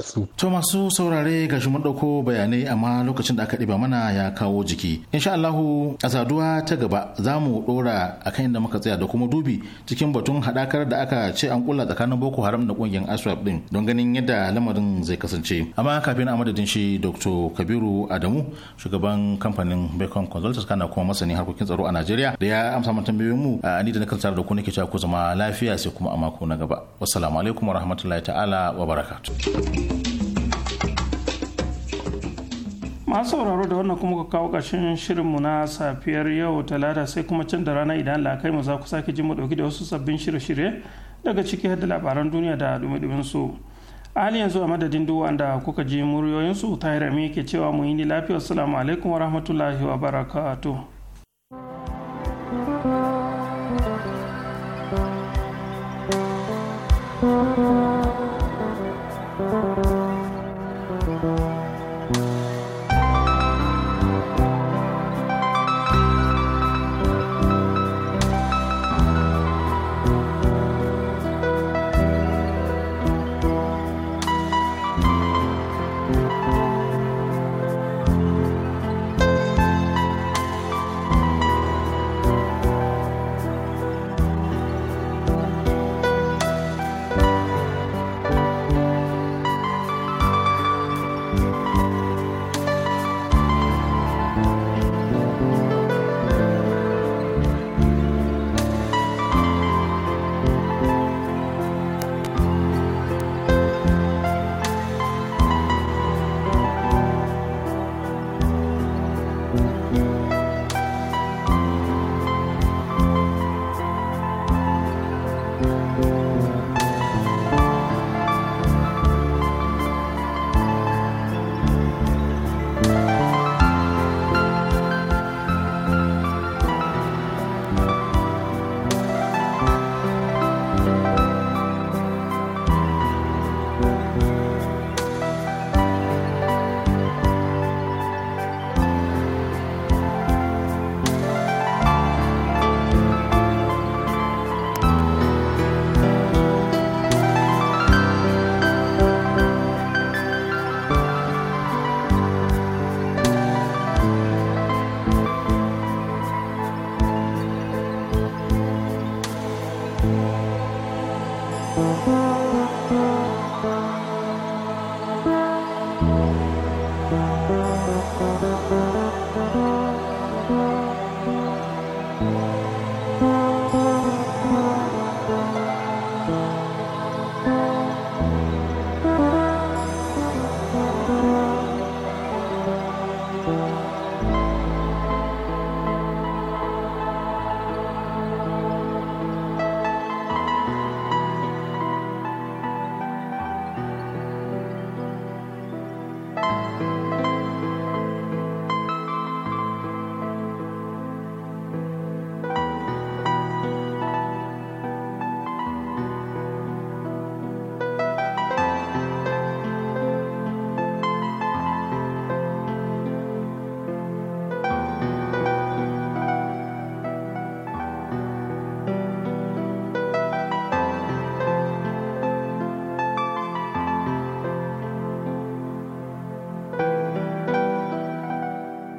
su. To masu saurare ga shi mun ɗauko bayanai amma lokacin da aka ɗiba mana ya kawo jiki. Insha Allahu a saduwa ta gaba za mu ɗora a kan inda muka tsaya da kuma dubi cikin batun haɗakar da aka ce an kula tsakanin Boko Haram da ƙungiyar Aswap ɗin don ganin yadda lamarin zai kasance. Amma kafin a madadin shi Dr. Kabiru Adamu shugaban kamfanin Bacon Consultants kana kuma masani harkokin tsaro a Najeriya da ya amsa mun tambayoyin mu a ni da na kasance da ku nake cewa ku zama lafiya sai kuma a mako na gaba. Wassalamu alaikum wa rahmatullahi ta'ala wa barakatuh. masu sauraro da wannan kuma ka kawo ƙarshen shirinmu na safiyar yau talata sai kuma can da rana idan lakai mu za ku sake ji mu ɗauki da wasu sabbin shirye-shirye daga ciki har da labaran duniya da dumi su a hali yanzu a madadin duk wanda kuka ji muryoyinsu ta tahir ke cewa mu yi ni lafiya assalamu alaikum wa rahmatullahi wa barakatuh